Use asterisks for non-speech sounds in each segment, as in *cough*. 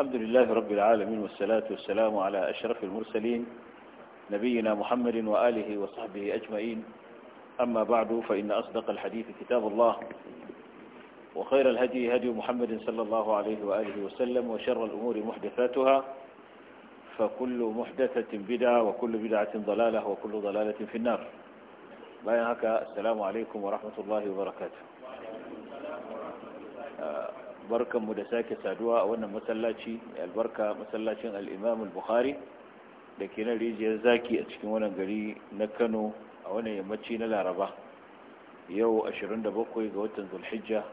الحمد لله رب العالمين والصلاة والسلام على أشرف المرسلين نبينا محمد وآله وصحبه أجمعين أما بعد فإن أصدق الحديث كتاب الله وخير الهدي هدي محمد صلى الله عليه وآله وسلم وشر الأمور محدثاتها فكل محدثة بدعة وكل بدعة ضلالة وكل ضلالة في النار باين هكا السلام عليكم ورحمة الله وبركاته آه، barkan mu da sake saduwa a wannan masallaci albarka masallacin al'imam al-bukhari da ke nan rijiyar zaki a cikin wannan gari na kano a wannan yammaci na laraba yau 27 ga watan zulhijja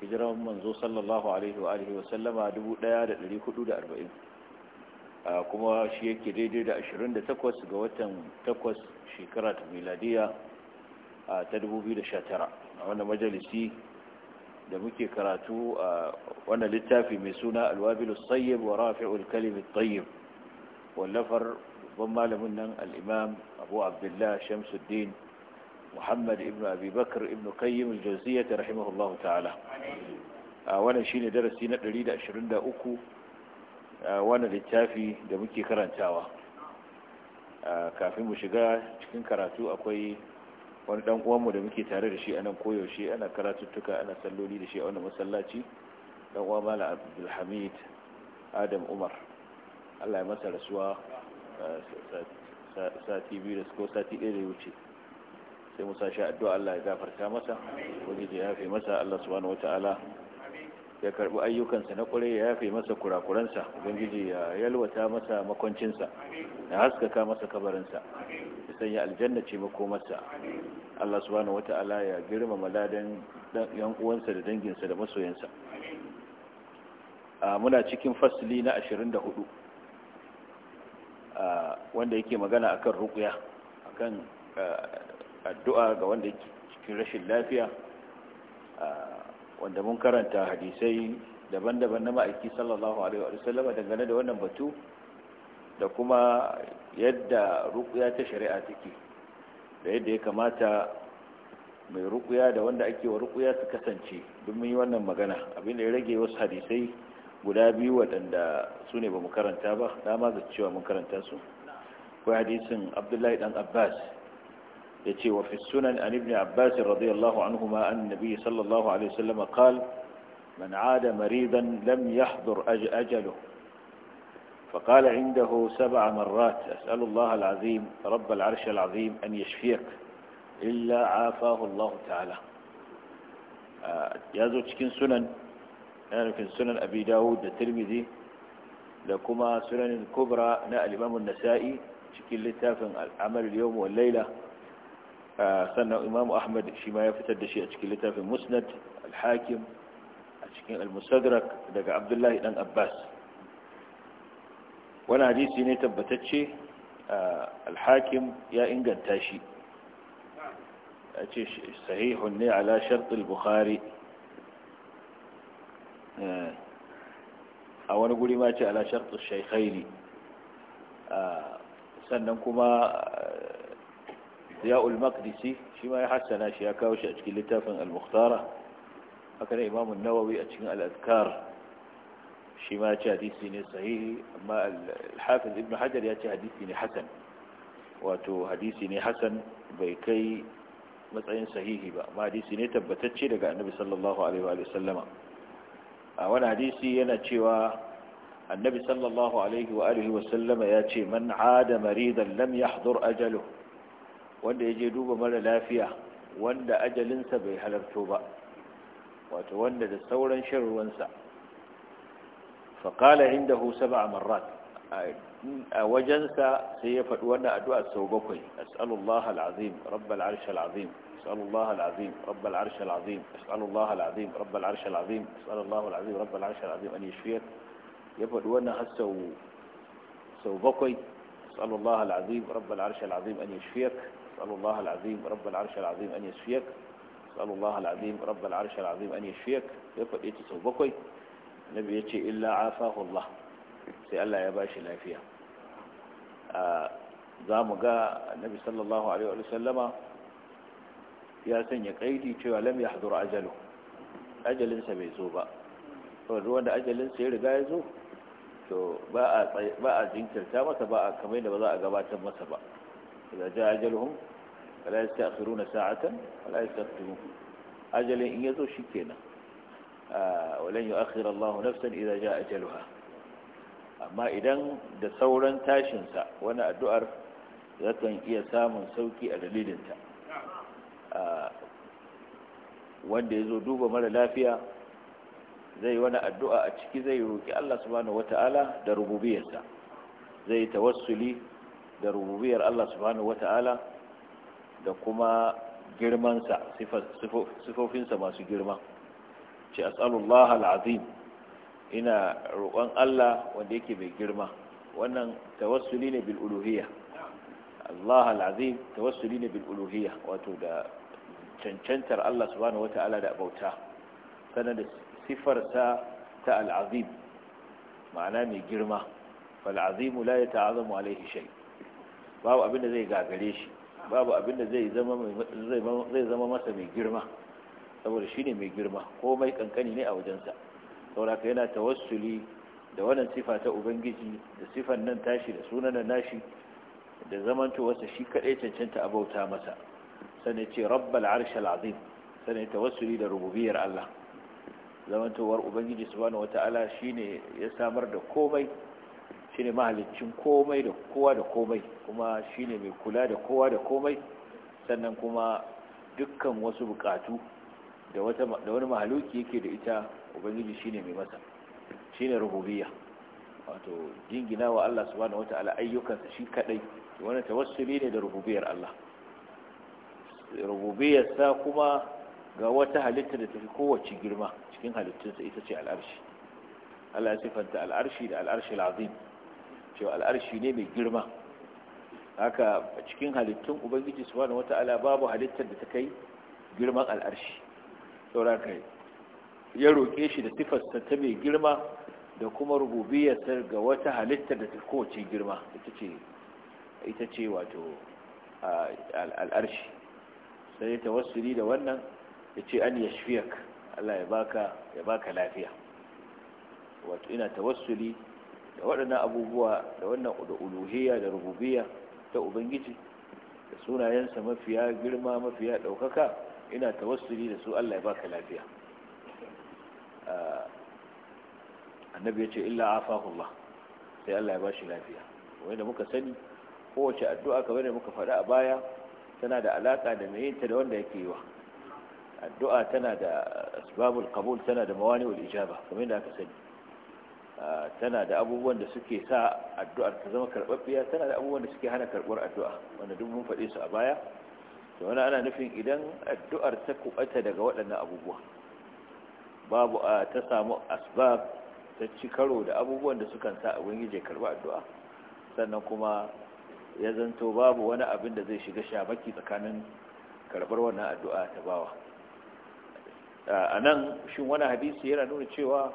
hijiran manzo sallallahu alaihi wa alihi sallama 1440 kuma shi yake daidai da 28 ga watan 8 shekara ta miladiya ta 2019 a wannan majalisi da muke karatu a wannan littafi mai suna alwabilu tsayyib wa rafi'ul kalimi tsayyib wallafar babban malamin nan Al-Imam abu abdullah shamsuddin muhammad ibn abubakar ibn kayyim aljaziya ta rahimahullahu ta'ala a wannan shi ne darasi na 123 wannan littafi da muke karantawa kafin mu shiga cikin karatu akwai wani dan uwanmu da muke tare da shi a nan koyaushe ana karatuttuka ana salloli da shi a wani masallaci dan uwa mala abdulhamid adam umar allah ya masa rasuwa eh, sati biyu da ko sati ɗaya da ya wuce sai musa sha addu'a allah ya gafarta masa wani da ya fi masa allah subhanahu wata'ala ya karbi ayyukansa na kwarai ya yafe masa kurakuransa ubangiji ya yalwata masa makwancinsa ya haskaka masa kabarinsa ya sanya aljanna ce makomarsa Allah subhanahu ala ya girmama ladan yan uwansa da danginsa da masoyansa muna cikin fasili na da 24 wanda yake magana akan rukuya kan addu'a ga wanda yake cikin rashin lafiya wanda mun karanta hadisai daban-daban na ma'aiki sallallahu alaihi wa sallama dangane da wannan batu da kuma yadda rukuya ta shari'a take da yadda ya kamata mai rukuya da wanda ake wa rukuya su kasance don mun yi wannan magana abinda ya rage wasu hadisai guda biyu waɗanda su ne ba mu karanta ba dama ga cewa mun karanta su akwai hadisin abdullahi dan abbas يتي وفي السنن عن ابن عباس رضي الله عنهما أن النبي صلى الله عليه وسلم قال من عاد مريضا لم يحضر أجله فقال عنده سبع مرات أسأل الله العظيم رب العرش العظيم أن يشفيك إلا عافاه الله تعالى آه، يا تشكين سنن يعني في السنن أبي داود الترمذي لكما سنن الكبرى نأل الإمام النسائي شكل لتافن العمل اليوم والليلة Ah, sannan imamu ahmad shi ma ya fitar da shi a cikin littafin musnad a cikin al daga abdullahi dan abbas wani hadisi ne tabbatacce ah, al-hakim ya inganta shi a ce sahihun ne ala shartul bukhari eh, a wani guri ma ce ala shartul shaikhaini ah, sannan kuma ضياء المقدسي شما يحسن أشياك وشأتك لتافن المختارة أكن إمام النووي أتشن الأذكار شما تحديثيني صحيح أما الحافظ ابن حجر يأتي حديثيني حسن واتو حديثيني حسن بيكي مطعين صحيح ما حديثيني تبتتشي لقى النبي صلى الله عليه وآله وسلم وانا حديثي ينأتي النبي صلى الله عليه وآله وسلم يأتي من عاد مريضا لم يحضر أجله wanda ya je duba mara lafiya wanda ajalinsa bai halarto ba wato wanda da sauran shan ruwansa faƙala inda hu saba a marat a wajensa sai ya faɗi wannan addu'a sau bakwai as'alullah al'azim rabbal arsh al'azim as'alullah al'azim rabbal arsh al'azim as'alullah al'azim rabbal arsh al'azim as'alullah al'azim rabbal arsh al'azim an yashfiyat ya faɗi wannan har sau sau bakwai as'alullah al'azim rabbal arsh al'azim an yashfiyak أسأل الله العظيم رب العرش العظيم أن يشفيك أسأل الله العظيم رب العرش العظيم أن يشفيك يفعل إيتي سوبكوي النبي يتي إلا عافاه الله سألا يا باشي لا فيها za mu ga annabi sallallahu alaihi wasallama ya sanya kaidi cewa lam yahdur ajalu ajalinsa bai zo ba saboda da ajalinsa ya riga ya zo to ba a jinkirta masa ba a kamar da ba za a gabatar masa ba إذا جاء أجلهم فلا يستأخرون ساعة ولا يستقدمون أجل إن يزو شكينا ولن يؤخر الله نفسا إذا جاء أجلها amma idan da sauran tashinsa wani addu'ar zakan iya samun sauƙi a dalilinta wanda ya zo duba mara lafiya zai wani addu'a a ciki zai roƙi Allah subhanahu wata'ala da rububiyarsa zai tawassuli da rububiyar Allah subhanahu wata'ala da kuma girmansa sifofinsa masu girma ce as'alullah al'azim ina roƙon Allah wanda yake mai girma wannan tawassuli ne bil uluhiyya Allah al'azim tawassuli ne bil uluhiyya wato da cancantar Allah subhanahu wata'ala da bauta sanar da sifarsa ta al'azim ma'ana mai girma fal'azimu la ya ta'azamu alaihi shai babu abin da zai gagare shi babu abin da zai zama masa mai girma saboda shi ne mai girma komai kankani ne a wajensa sauraka yana tawassuli da wannan sifa ta ubangiji da sifan nan tashi da sunan nashi da zamantowarsa shi kaɗai cancanta a bauta masa sani ce rabbal arshal azim sani tawassuli da rububiyar Allah zamantowar ubangiji subhanahu wata'ala shine ya samar da komai Shi ne mahalicin komai da kowa da komai kuma shi ne mai kula da kowa da komai sannan kuma dukkan wasu bukatu da wani mahaluki yake da ita ubangiji ne mai masa Shi ne rububiya. wato jingina wa Allah subhanahu wataala ayyukansa shi kadai wannan tawassuli ne da rububiyar Allah rububiyar sa kuma ga wata halitta da tafi kowace girma cikin halittunsa ita ce al'arshi Allah ya sifanta al'arshi da al'arshi lazim. cewa al'arshi ne mai girma haka cikin halittun ubangiji subhanahu wata'ala babu halittar da ta kai girman al'arshi saboda ya roƙe shi da sifarsa ta mai girma da kuma rububiyarsa ga wata halittar da ta kowace girma ita ce wato al'arshi sai ta tawassuli da wannan ya ce an ya shfiyak Allah ya baka lafiya wato ina tawassuli da waɗannan abubuwa da wannan da uluhiyya da rububiyya ta ubangiji da sunayensa mafiya girma mafiya ɗaukaka ina tawassuli da su Allah ya baka lafiya annabi ya ce illa afahullah sai Allah ya ba shi lafiya wanda muka sani kowace addu'a kamar da muka faɗa a baya tana da alaƙa da mai yinta da wanda yake yi wa addu'a tana da asbabul qabul tana da mawani wal ijaba kamar da aka sani tana da abubuwan da suke sa addu'ar ta zama karɓaɓɓiya tana da abubuwan da suke hana karɓar addu'a wanda duk mun faɗe su a baya to wani ana nufin idan addu'ar ta kuɓata daga waɗannan abubuwa babu a ta samu asbab ta ci karo da abubuwan da sukan sa ubangiji ya karɓi addu'a sannan kuma ya zanto babu wani abin da zai shiga shabaki tsakanin karɓar wannan addu'a ta bawa a nan shin wani hadisi yana nuna cewa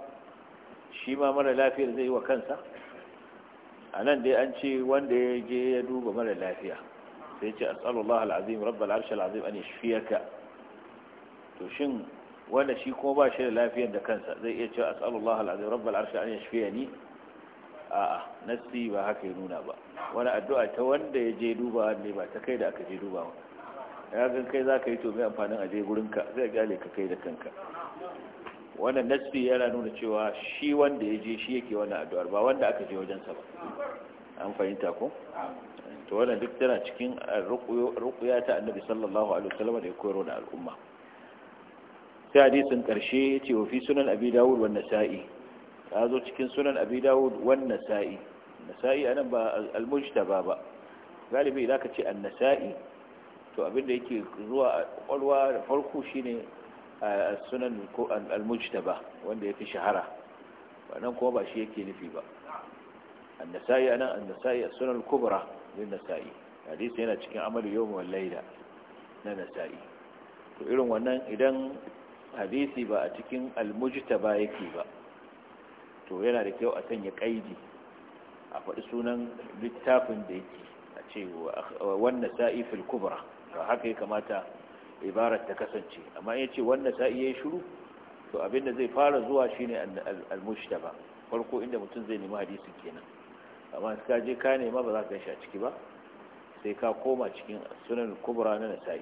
shi ma mara lafiyar zai yi wa kansa a nan dai an ce wanda ya je ya duba mara lafiya sai ce as'alullah al'azim rabbal arshal azim an yashfiyaka to shin wanda shi kuma ba shi da lafiyar da kansa zai iya cewa as'alullah al'azim rabbal arshal an yashfiyani a'a nasi ba haka ya nuna ba wani addu'a ta wanda ya je duba ne ba ta kai da aka je dubawa ya gan kai za ka yi to mai amfanin aje gurinka zai gale ka kai da kanka wannan nasbi yana nuna cewa shi wanda ya je shi yake wannan addu'ar ba wanda aka je wajensa ba an fahimta ko to wannan duk tana cikin ruqya ta annabi sallallahu alaihi wasallam da ya koyar da al'umma sai hadisin karshe yace wa fi sunan abi dawud wan nasa'i ta zo cikin sunan abi dawud wan nasa'i nasa'i anan ba al-mujtaba ba galibi idan ka ce an-nasa'i to abinda yake zuwa kwalwa da farko shine sunan ko al-mujtaba wanda yafi shahara wannan kuma ba shi yake nufi ba an-nasa'i anan an-nasa'i sunan al-kubra nasa'i hadisi yana cikin amal yawm wal layla na nasa'i to irin wannan idan hadisi ba a cikin al-mujtaba yake ba to yana da kyau a sanya kaidi a faɗi sunan littafin da yake a ce wannan sa'i fil kubra haka ya kamata ibarar ta kasance amma ya ce wannan sa'i iya yi shuru to abinda zai fara zuwa shine al-mushtaba farko inda mutum zai nemi hadisi kenan amma ka je ka nema ba za ka shi a ciki ba sai ka koma cikin sunan kubra na nasa'i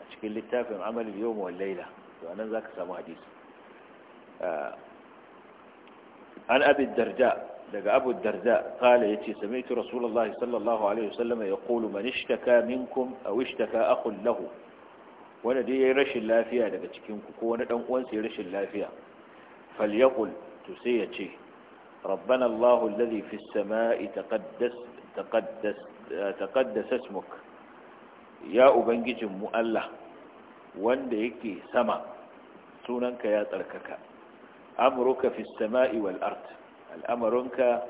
a cikin littafin amalin yawm wal layla to anan ka samu hadisi ah, an abin darda daga abu darda ya ce sami'tu rasulullah sallallahu alaihi wasallam yaqulu man ishtaka minkum aw ishtaka akhun lahu wanda dai yayi rashin lafiya daga cikin ku ko wani dan uwansa yayi rashin lafiya falyakul to sai ya ce ربنا الله الذي في السماء تقدس تقدس تقدس اسمك يا wanda yake sama sunanka ya tsarkaka amurka fi sama'i wal art al'amarinka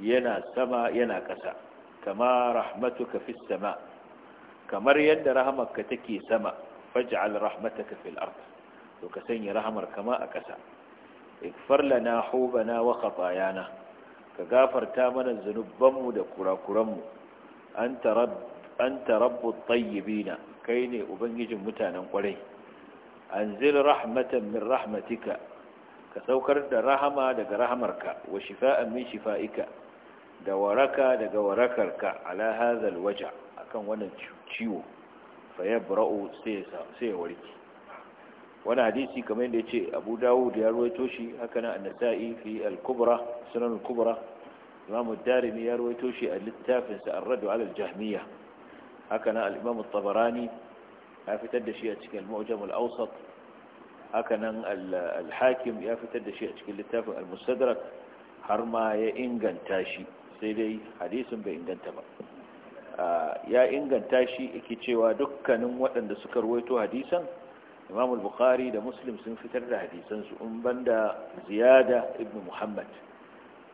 yana sama yana ƙasa kama rahmatuka fi sama kamar yadda rahamarka take sama faj'al rahmataka fil ard to ka sanya rahamar kama a ƙasa ikfar lana hubana wa khatayana ka gafarta mana zunubanmu da kurakuranmu anta rabb anta rabbut tayyibina kai ne ubangijin mutanen kwarai anzil rahmatan min rahmatika ka saukar da rahama daga rahamarka wa shifa'an min shifa'ika da waraka daga warakarka ala hadha alwaja akan wannan ciwo ciwo fa ya bura'u sai ya warke wani hadisi kamar yadda ya ce abu dawud ya ruwaito shi haka na annasa'i fi al-kubra sunan al-kubra imam darimi ya ruwaito shi a littafinsa ar-radu ala al-jahmiya haka na al-imam tabarani ya fitar da shi a cikin al-mu'jam al-awsat haka nan al-hakim ya fitar da shi a cikin littafin al-mustadrak har ma ya inganta shi sai dai hadisin bai inganta ba ya inganta shi ake cewa dukkanin waɗanda suka ruwaito hadisan imam al-bukhari da muslim sun fitar da hadisansu in banda ziyada ibn muhammad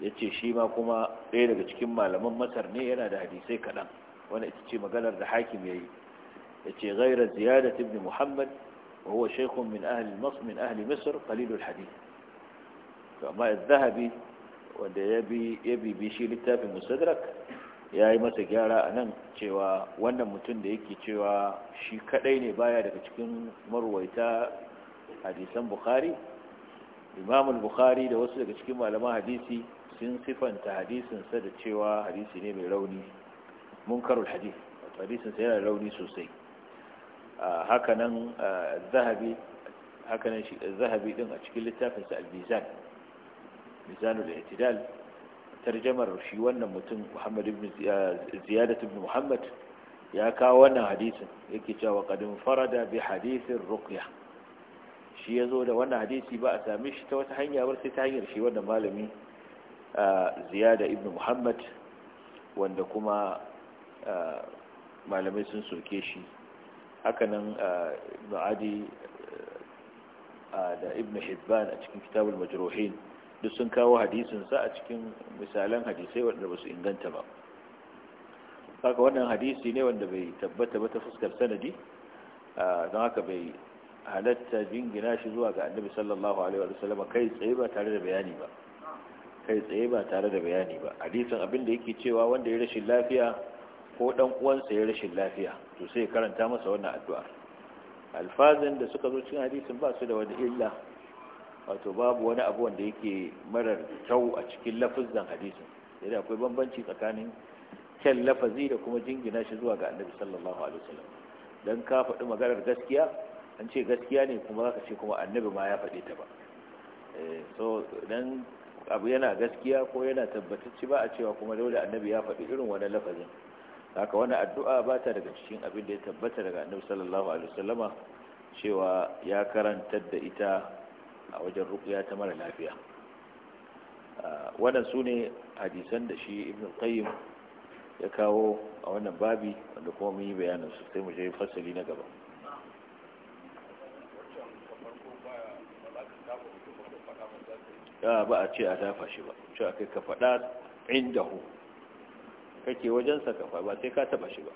ya ce shi ma kuma ɗaya daga cikin malaman masar ne yana da hadisai kaɗan Wani ita ce maganar da hakim ya yi ya ce gaira ziyada ibn muhammad wa huwa min ahli Masar, min ahli misr qalilul hadith to amma az-zahabi wanda ya bi ya bi shi littafin musadrak ya yi masa gyara a nan cewa wannan mutum da yake cewa shi kadai ne baya daga cikin marwaita hadisan bukhari imamul bukhari da wasu daga cikin malaman hadisi sun sifanta hadisinsa da cewa hadisi ne mai rauni munkarul hadis hadisinsa yana rauni sosai hakanan zahabi hakanan zahabi din a cikin littafinsa al-mizan mizanul i'tidal tarjamar shi wannan mutum Muhammad ibn eh, Ziyadat ibn Muhammad ya kawo wannan hadisin yake cewa kadin farada bi hadisin ruqya shi yazo da wannan hadisi ba a same shi ta wata hanya ba sai ta hanyar shi wannan malami eh, Ziyada ibn Muhammad wanda kuma eh, malamai sun soke shi hakanan ibn Adi da ibn Hibban a cikin kitabul majruhin duk sun kawo hadisinsa a cikin misalan hadisai waɗanda ba su inganta ba haka wannan hadisi ne wanda bai tabbata ba ta fuskar sanadi don haka bai halatta jingina shi zuwa ga annabi sallallahu alaihi wa sallam kai tsaye ba tare da bayani ba kai tsaye ba tare da bayani ba hadisin abin da yake cewa wanda ya rashin lafiya ko dan uwansa ya rashin lafiya to sai karanta masa wannan addu'a alfazin da suka zo cikin hadisin ba su da wani illa wato babu wani abu wanda yake marar kyau a cikin lafazin hadisin yadda akwai bambanci tsakanin kyan lafazi da kuma jingina shi zuwa ga annabi sallallahu alaihi wasallam dan ka faɗi maganar gaskiya an ce gaskiya ne kuma zaka ce kuma annabi ma ya faɗe ta ba eh, so dan abu yana gaskiya ko yana tabbatacce ba a cewa kuma dole annabi ya faɗi irin wani lafazin haka wani addu'a ba ta daga cikin abin da ya tabbata daga annabi sallallahu alaihi wasallama cewa ya karantar da ita a wajen ruqya ta mara lafiya wannan su ne hadisan da shi ibn qayyim ya kawo a wannan babi wanda kuma mun yi bayanin su sai mu je fasali na gaba ba a ce a dafa shi ba ce a kai ka faɗa inda hu kake wajensa ka faɗa ba sai ka taɓa shi ba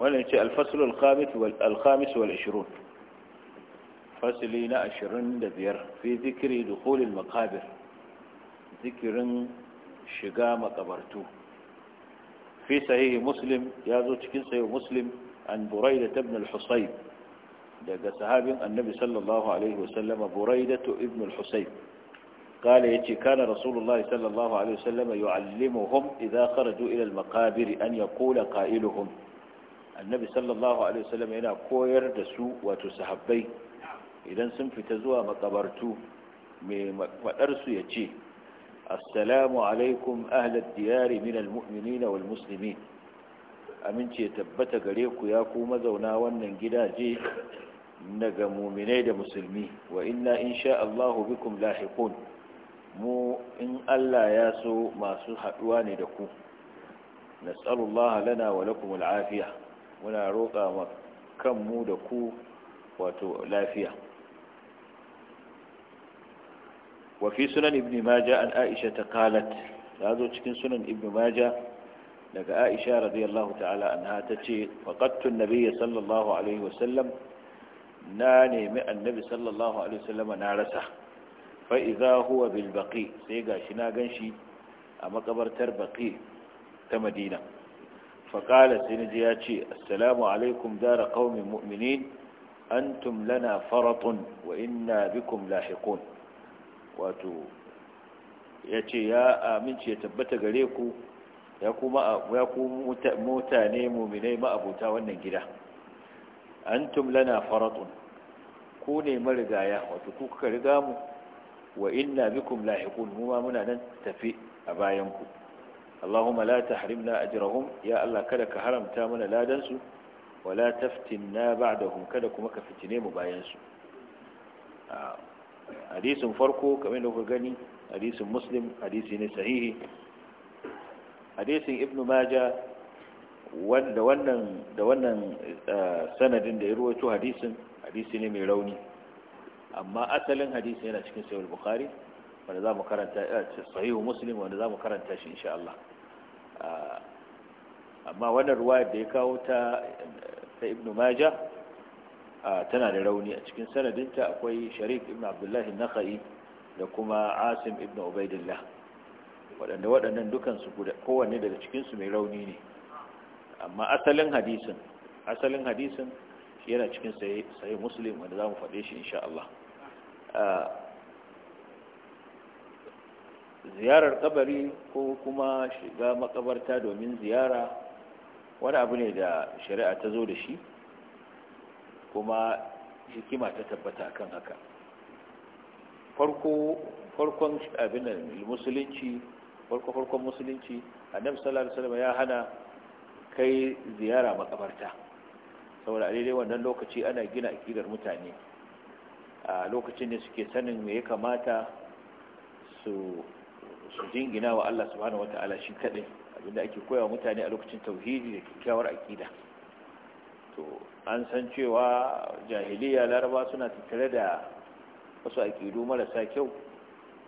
wannan ce alfasul alkhamis wal ashirun fasili na ashirin da biyar fi zikiri dukulin makabir zikirin shiga makabartu fi sahihi muslim ya zo cikin sahihi muslim an burai da al-husayb daga sahabin annabi sallallahu alaihi wasallama burai da to ibn al-husayb قال يتي كان رسول الله صلى الله عليه وسلم يعلمهم إذا خرجوا إلى المقابر أن يقول قائلهم annabi sallallahu alaihi wasallam yana koyar da su wato sahabbai idan sun fita zuwa makabartu mai faɗar su ya ce assalamu alaikum ahlad diyari min almu'minina wal muslimin amince tabbata gare ku ya ku mazauna wannan gidaje daga muminai da musulmi wa inna insha Allah bikum lahiqun mu in Allah ya so masu haduwa ne da ku nas'alullaha lana wa lakum al'afiya muna roƙa ma kanmu da ku wato lafiya wafi sunan ibn maja an aisha ta kalat ta zo cikin sunan ibn maja daga aisha radiyallahu ta'ala anha ta ce faqattun sallallahu alaihi wasallam na nemi annabi sallallahu alaihi wasallama na rasa fa huwa bil baqi sai gashi na ganshi a makabartar baƙi ta madina faƙala sai na ji ya ce assalamu alaikum dara ƙaumin mu'minin antum lana faratun wa inna bikum lahiqun ya ce ya aminci ya tabbata gare ku ya kuma mutane muminai ma'abuta wannan gida antum lana faratun ku ne marigaya wato ku kuka riga mu wa inna bikum lahiqun mu ma muna nan tafi a bayan ku Allahumma la tahrimna ajrahum ya Allah kada ka haramta mana ladan su wala taftinna ba'dahum kada kuma ka fitine mu bayan farko kamar da kuka gani hadisin muslim hadisi ne sahihi ibnu maja wannan da wannan sanadin da ya ruwaito hadisin hadisi ne mai rauni amma asalin hadisi yana cikin sahih bukhari wanda zamu karanta sahih muslim wanda zamu karanta shi insha Allah Ah, amma wannan ruwayar da ya kawo ta ta ibn maja ah, tana da rauni a cikin sanadinta akwai Sharif ibn abdullahi nakhai da kuma asim ibn ubaidillah waɗanda waɗannan dukansu kowanne daga cikinsu mai rauni ne amma asalin hadisin asalin hadisin yana cikin sayi muslim wanda za mu faɗe shi insha Allah ah, ziyarar kabari ko kuma shiga makabarta domin ziyara wani abu ne da shari'a ta zo da shi kuma hikima ta tabbata kan haka farkon abin da musulunci farko-farkon musulunci annabi sallallahu alaihi wasallam ya hana kai ziyara makabarta saboda a daidai wannan lokaci ana gina akidar mutane a lokacin da suke sanin me ya kamata su su jingina wa Allah subhanahu wataala shi kadai abinda ake koyawa mutane a lokacin tauhidi da kyakkyawar akida to an san cewa jahiliya laraba suna tattare da wasu akidu marasa kyau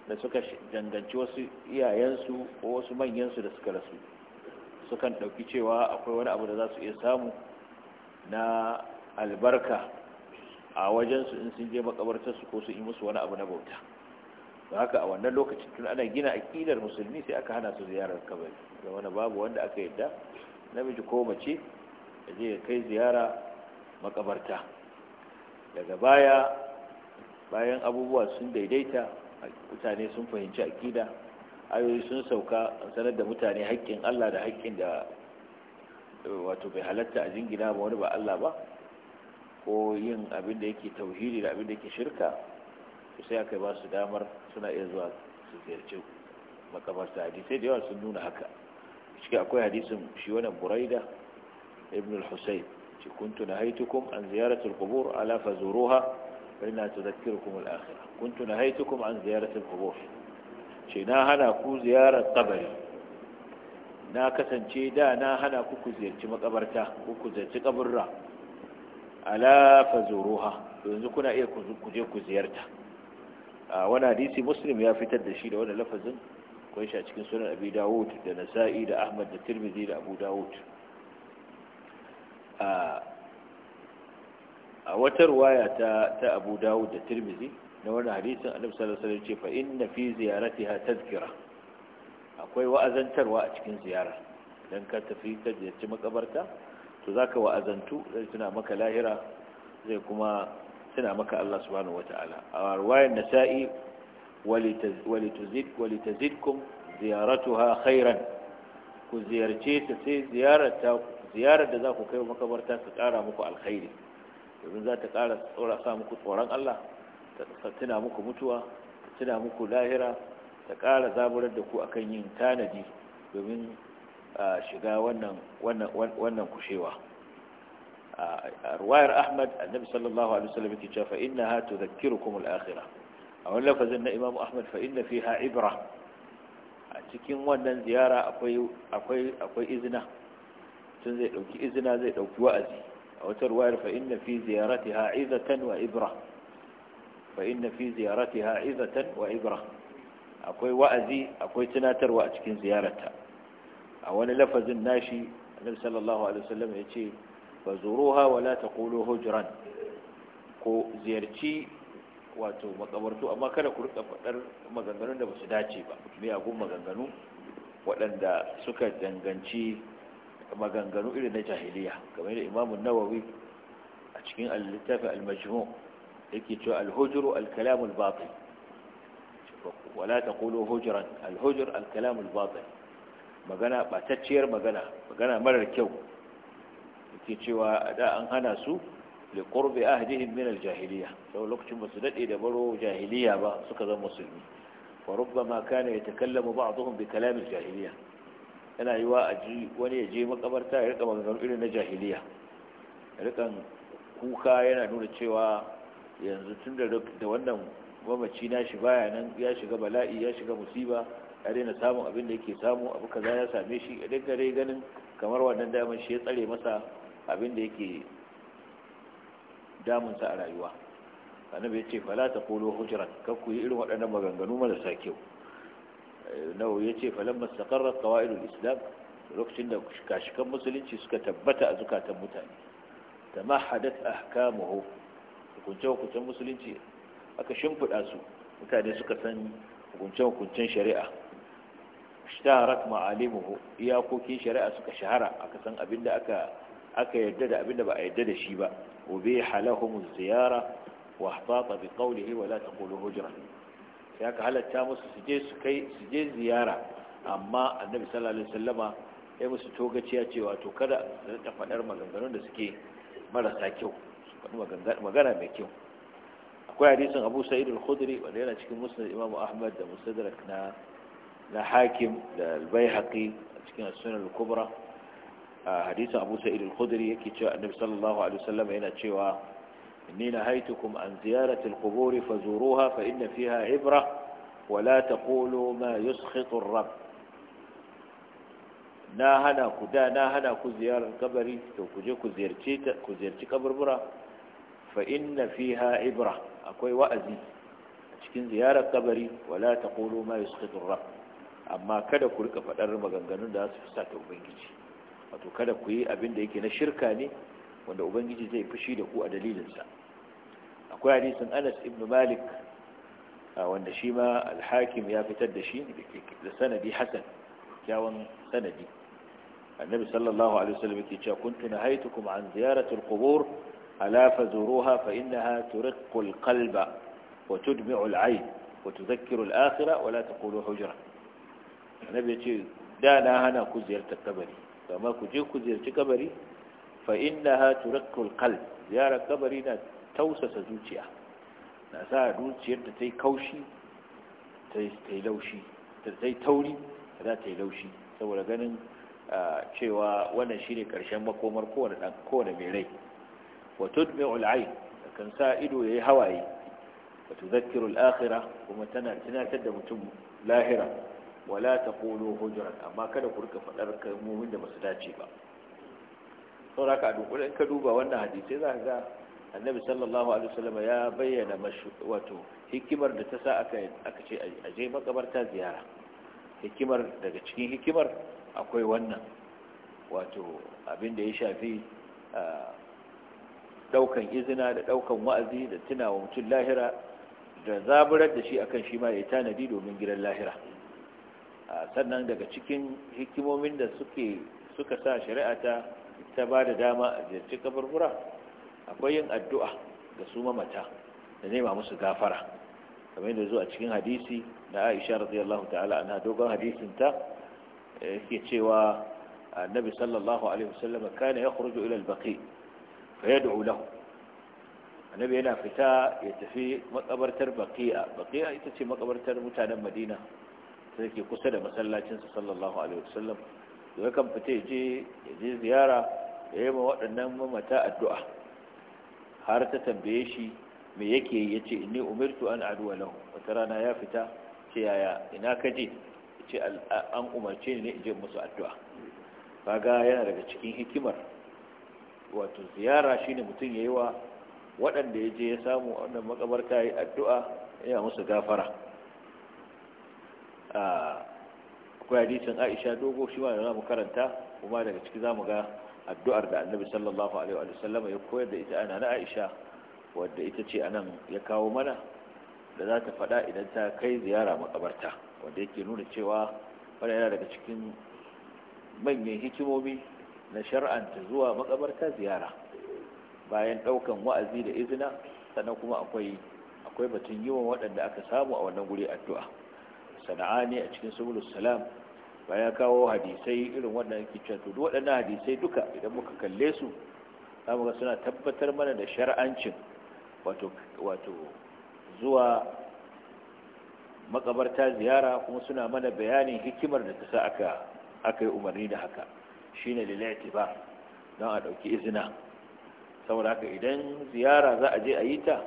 da suka danganci wasu iyayensu ko wasu manyansu da suka rasu sukan ɗauki cewa akwai wani abu da za su iya samu na albarka a wajensu in sun je makabartarsu ko su yi musu wani abu na bauta don haka a wannan lokacin tun ana gina aƙidar musulmi sai aka hana su ziyarar kabari da wani babu wanda aka yadda namiji ko mace da je kai ziyara makabarta daga baya bayan abubuwa sun daidaita mutane sun fahimci aƙida ayoyi sun sauka sanar da mutane haƙƙin Allah da haƙƙin da wato bai halatta a jingina ba wani ba Allah ba ko yin abin da yake tauhidi da abin da yake shirka sai aka ba su damar suna iya zuwa su ziyarci makabarta hadisai da yawa sun nuna haka ciki akwai hadisin shi wannan buraida ibn al-husayn ci kuntu nahaytukum an ziyarati al-qubur ala fazuruha fa inna tudhakkirukum al-akhirah kuntu nahaytukum an ziyarati al-qubur ce na hana ku ziyarar kabari na kasance da na hana ku ku ziyarci makabarta ku ku ziyarci kaburra ala fazuruha yanzu kuna iya ku je ku ziyarta A wani hadisi muslim ya fitar da shi da wani lafazin akwai shi a cikin sunan abi dawud da nasa'i da ahmad da tirmidhi da abu dawud a wata ruwaya ta abu dawud da Tirmizi, na wani hadisin annabi sallallahu alaihi wasallam ce fa inna fi ziyaratiha tadhkira akwai wa'azantarwa a cikin ziyara dan ka tafi ta ziyarci makabarta to zaka wa'azantu zai tuna maka lahira zai kuma suna maka Allah subhanahu wata'ala a ruwayar nasa'i walitazidkum ziyaratuha khairan ku ziyarce ta sai ziyarar da za ku kai makabarta ka ƙara muku alkhairi domin za ta ƙara tsora sa muku tsoron Allah ta tuna muku mutuwa ta tuna muku lahira ta ƙara zaburar da ku akan yin tanadi domin ah, shiga wannan kushewa. ruwayar ahmad annabi sallallahu alaihi wasallam yake cewa fa innaha tudhakkirukum al-akhirah a wannan lafazin na imamu ahmad fa inna fiha ibra a cikin wannan ziyara akwai akwai akwai izina tun zai dauki izina zai dauki wa'azi a wata ruwayar fa inna fi ziyaratiha izatan wa ibra fa inna fi ziyaratiha izatan wa ibra akwai wa'azi akwai tunatarwa a cikin ziyararta a wani lafazin nashi annabi sallallahu alaihi wasallam ya ce fa zuruha wa la taqulu hujran ko ziyarci wato makabartu amma kada ku rika faɗar maganganun da ba su dace ba miyagun maganganu waɗanda suka danganci maganganu irin na jahiliya kamar da imamun nawawi a cikin littafin al-majmu ke cewa al Alkalamul al-kalam al wala taqulu hujran al-hujr al-kalam magana batacciyar magana magana marar kyau ke cewa da an hana su li qurbi a min minal jahiliya sau lokacin ba su daɗe da baro jahiliya ba suka zama musulmi fa ma kana ba a bi kalam al-jahiliya yana yiwa a ji wani ya je makabarta ya rika maganganu irin na jahiliya rikan kuka yana nuna cewa yanzu tun da wannan mamaci na shi baya nan ya shiga bala'i ya shiga musiba ya daina samun abin da yake samu abu kaza ya same shi a dangare ganin kamar wannan daman shi ya tsare masa abin da yake damunsa a rayuwa annabi ya ce fala ta kolo hujran kan ku yi irin waɗannan maganganu marasa kyau nawo ya ce falan mastaqarra qawaidul islam lokacin da kashikan musulunci suka tabbata a zukatan mutane tamahadat ahkamuhu hukunce hukuncen musulunci aka shimfiɗa su mutane suka san hukunce hukuncen shari'a ishtaharat ma'alimuhu iyakokin shari'a suka shahara aka san abinda aka aka yarda da abinda ba a yarda da shi ba ubiha lahum ziyara wa ihtata bi qawlihi wa la taqulu hujra sai aka halatta musu su je ziyara amma annabi sallallahu alaihi sallama ya musu togaciya cewa to kada su rika fadar maganganun da suke marasa kyau magana mai kyau akwai hadisin Abu Sa'id al-Khudri wanda yana cikin Musnad Imam Ahmad da Mustadrak na na Hakim da Al-Baihaqi cikin Sunan al-Kubra hadisin abu sa'id al-khudri yake cewa annabi sallallahu alaihi wasallam yana cewa inni nahaytukum an ziyarati al-qubur fazuruha fa inna fiha ibra wa la taqulu ma yuskhitu ar-rabb na hana ku da na hana ku ziyarar kabari to ku je ku ziyarci ku ziyarci kaburbura fa inna fiha ibra akwai wa'azi a cikin ziyarar kabari wala la taqulu ma yuskhitu ar-rabb amma kada ku rika faɗar maganganun da za su fusata ubangiji wato kada ku yi abin da yake na shirka ne wanda ubangiji zai fushi da ku a dalilinsa akwai hadisin anas ibn malik wanda shi ma alhakim ya fitar da shi da sanadi hasan kyawun sanadi annabi sallallahu alaihi wasallam yake cewa kuntu nahaytukum an ziyarati alqubur ala fazuruha fa innaha turqu alqalba wa tudmi'u alayn wa tudhakkiru alakhirah wa la taqulu hujra annabi yace da na hana ku ziyartar kabari amma ku je ku ziyarci kabari fa innaha turakkul qalb ziyarar kabari na tausasa zuciya na sa zuciyar ta tai kaushi ta yi laushi ta tauri za ta yi laushi saboda ganin cewa wannan shine karshen makomar kowane dan kowane mai rai wa kan sa ido yayi hawaye wa tudhakkiru al-akhirah kuma tana tunatar da mutum lahira wala taqulu hujran amma kada ku rika faɗar kalmomin da basu dace ba saboda ka dukkan ka duba wannan hadisai za ka ga annabi sallallahu alaihi wasallam ya bayyana wato hikimar da ta sa aka aka ce a je makabarta ziyara hikimar daga cikin hikimar akwai wannan wato abin da ya shafi daukan izina da daukan wa'azi da tunawa mutum lahira da zaburar da shi akan shi ma ya tanadi domin gidan lahira sannan daga cikin hikimomin da suke suka sa shari'a ta ta ba da dama a ziyarci kaburbura akwai yin addu'a ga su mamata da nema musu gafara kamar yadda zuwa cikin hadisi na Aisha radiyallahu ta'ala ana dogon hadisin ta eh, ke cewa annabi sallallahu alaihi wasallam kana yakhruju ila al-baqi fayad'u lahu annabi yana fita ya tafi makabartar baqi'a baqi'a ita ce makabartar mutanen Madina sai ke kusa da masallacinsa sallallahu alaihi wasallam ya kan fita je je ziyara ya yi ma waɗannan mamata addu'a har ta tambaye shi me yake ya ce ni umirtu an addu'a lahu wata rana ya fita ce yaya ina ka je ce an umarce ni ne in je musu addu'a kaga yana daga cikin hikimar wato ziyara shine mutum yayi wa waɗanda ya je ya samu wannan makabarta yi addu'a yana musu gafara akwai hadisin Aisha dogo shi ma da zamu karanta kuma daga ciki zamu ga addu'ar da Annabi sallallahu alaihi wa sallam ya koyar da ita ana na Aisha wadda ita ce anan ya kawo mana da za ta faɗa idan ta kai ziyara makabarta wanda yake nuna cewa wannan yana daga cikin manyan hikimomi na shar'anta zuwa makabarta ziyara bayan ɗaukan wa'azi da izina sannan kuma akwai akwai batun yiwon waɗanda aka samu a wannan guri addu'a san'ani a cikin subulus salam ba ya kawo hadisai irin waɗannan kicin to duk waɗannan hadisai duka idan muka kalle su za mu ga suna tabbatar mana da shar'ancin wato zuwa makabarta ziyara kuma suna mana bayanin hikimar da ta sa aka aka yi umarni da haka shine lilaiti ba don a ɗauki izina saboda haka idan ziyara za a je a yi ta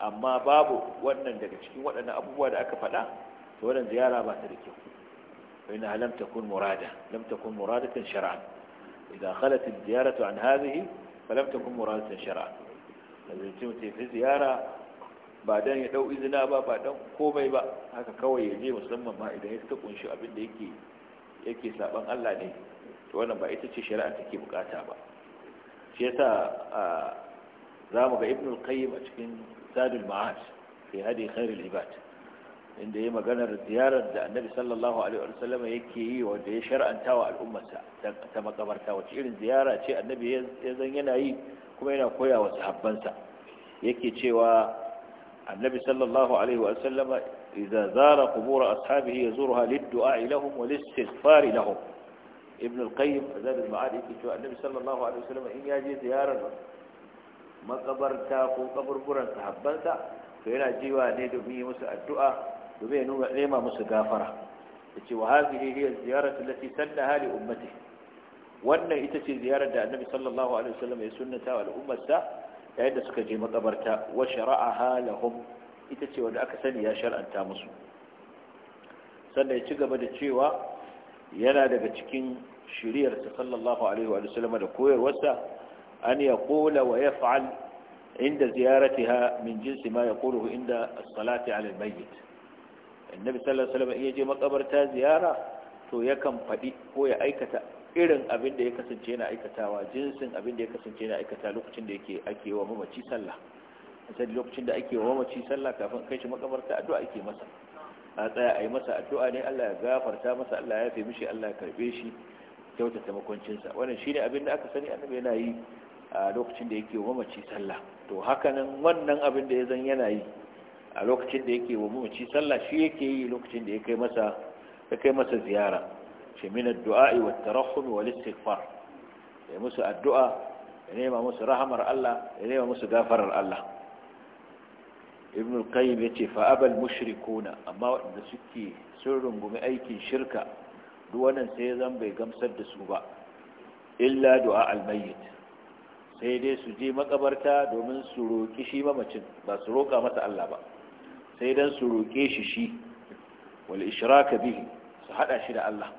amma babu wannan daga cikin waɗannan abubuwa da aka faɗa to wannan ziyara ba ta da kyau فإنها لم تكن مرادة لم تكن مرادة شرعا إذا خلت الزيارة عن هذه فلم تكن مرادة شرعا لازم تمتي في زيارة بعدين يدعو إذنا با بعدين كومي با هكا كوي يجي مسلم ما إذا يستقون شو أبن يكي يكي سابان الله ليه وانا با إتتي شرعا تكي بقاتا با شيتا زامك ابن القيم أتكين زاد المعاد في هذه خير العباد inda ya maganar ziyarar da annabi sallallahu alaihi wa sallam yake yi wanda ya shar'anta wa al'ummarsa ta makabarta wacce irin ziyara ce annabi ya zan yana yi kuma yana koya wa sahabbansa yake cewa annabi sallallahu alaihi wa sallam idza zara qubur ashabihi yazuruha lid-du'a lahum wa lis-istighfar lahum ibn al-qayyim azab al-ma'ad yake cewa annabi sallallahu alaihi wa sallam in ya je ziyarar makabarta ko kaburburan sahabbansa to yana jiwa ne domin yi musu addu'a domin ya nuna nema musu gafara ce wa hadhihi hiya ziyaratu allati sanda hali ummati wannan ita ce ziyarar da annabi sallallahu alaihi wasallam ya sunnata wa al'ummarsa yayin da suka je makabarta wa shara'aha lahum ita ce wanda aka sani ya shar'anta musu sannan ya ci gaba da cewa yana daga cikin shiriyarsa sallallahu alaihi wa sallam da koyarwarsa an ya kola wa ya fa'al inda ziyaratiha min jinsi ma ya kuluhu inda salati alal al-mayyit annabi sallallahu alaihi wasallam in je makabarta ziyara to yakan faɗi ko ya aikata irin abin da ya kasance yana aikatawa jinsin abin da ya kasance yana aikata lokacin da yake ake wa mamaci sallah sai lokacin da ake wa mamaci sallah kafin kai shi makabarta addu'a ake masa a tsaya a yi masa addu'a ne Allah ya gafarta masa Allah ya yafe mishi Allah ya karbe shi kyautata makoncinsa wannan shine abin da aka sani annabi yana yi a lokacin da yake wa mamaci sallah to hakanan wannan abin da ya zan yana yi a lokacin da yake wa mamaci sallah shi yake yi lokacin da ya kai masa ya kai masa ziyara shi min addu'a'i wat tarahhum wal istighfar ya musu addu'a ya nema musu rahamar Allah ya nema musu gafarar Allah ibn al-qayyim yace fa abal mushrikuna amma wanda suke sun rungumi aikin shirka duk wannan sai zan bai gamsar da su ba illa du'a al-mayyit sai dai su je makabarta domin su roki shi mamacin ba su roka masa Allah ba sai dan su roƙe shi shi wal ishraka bihi su hada shi da Allah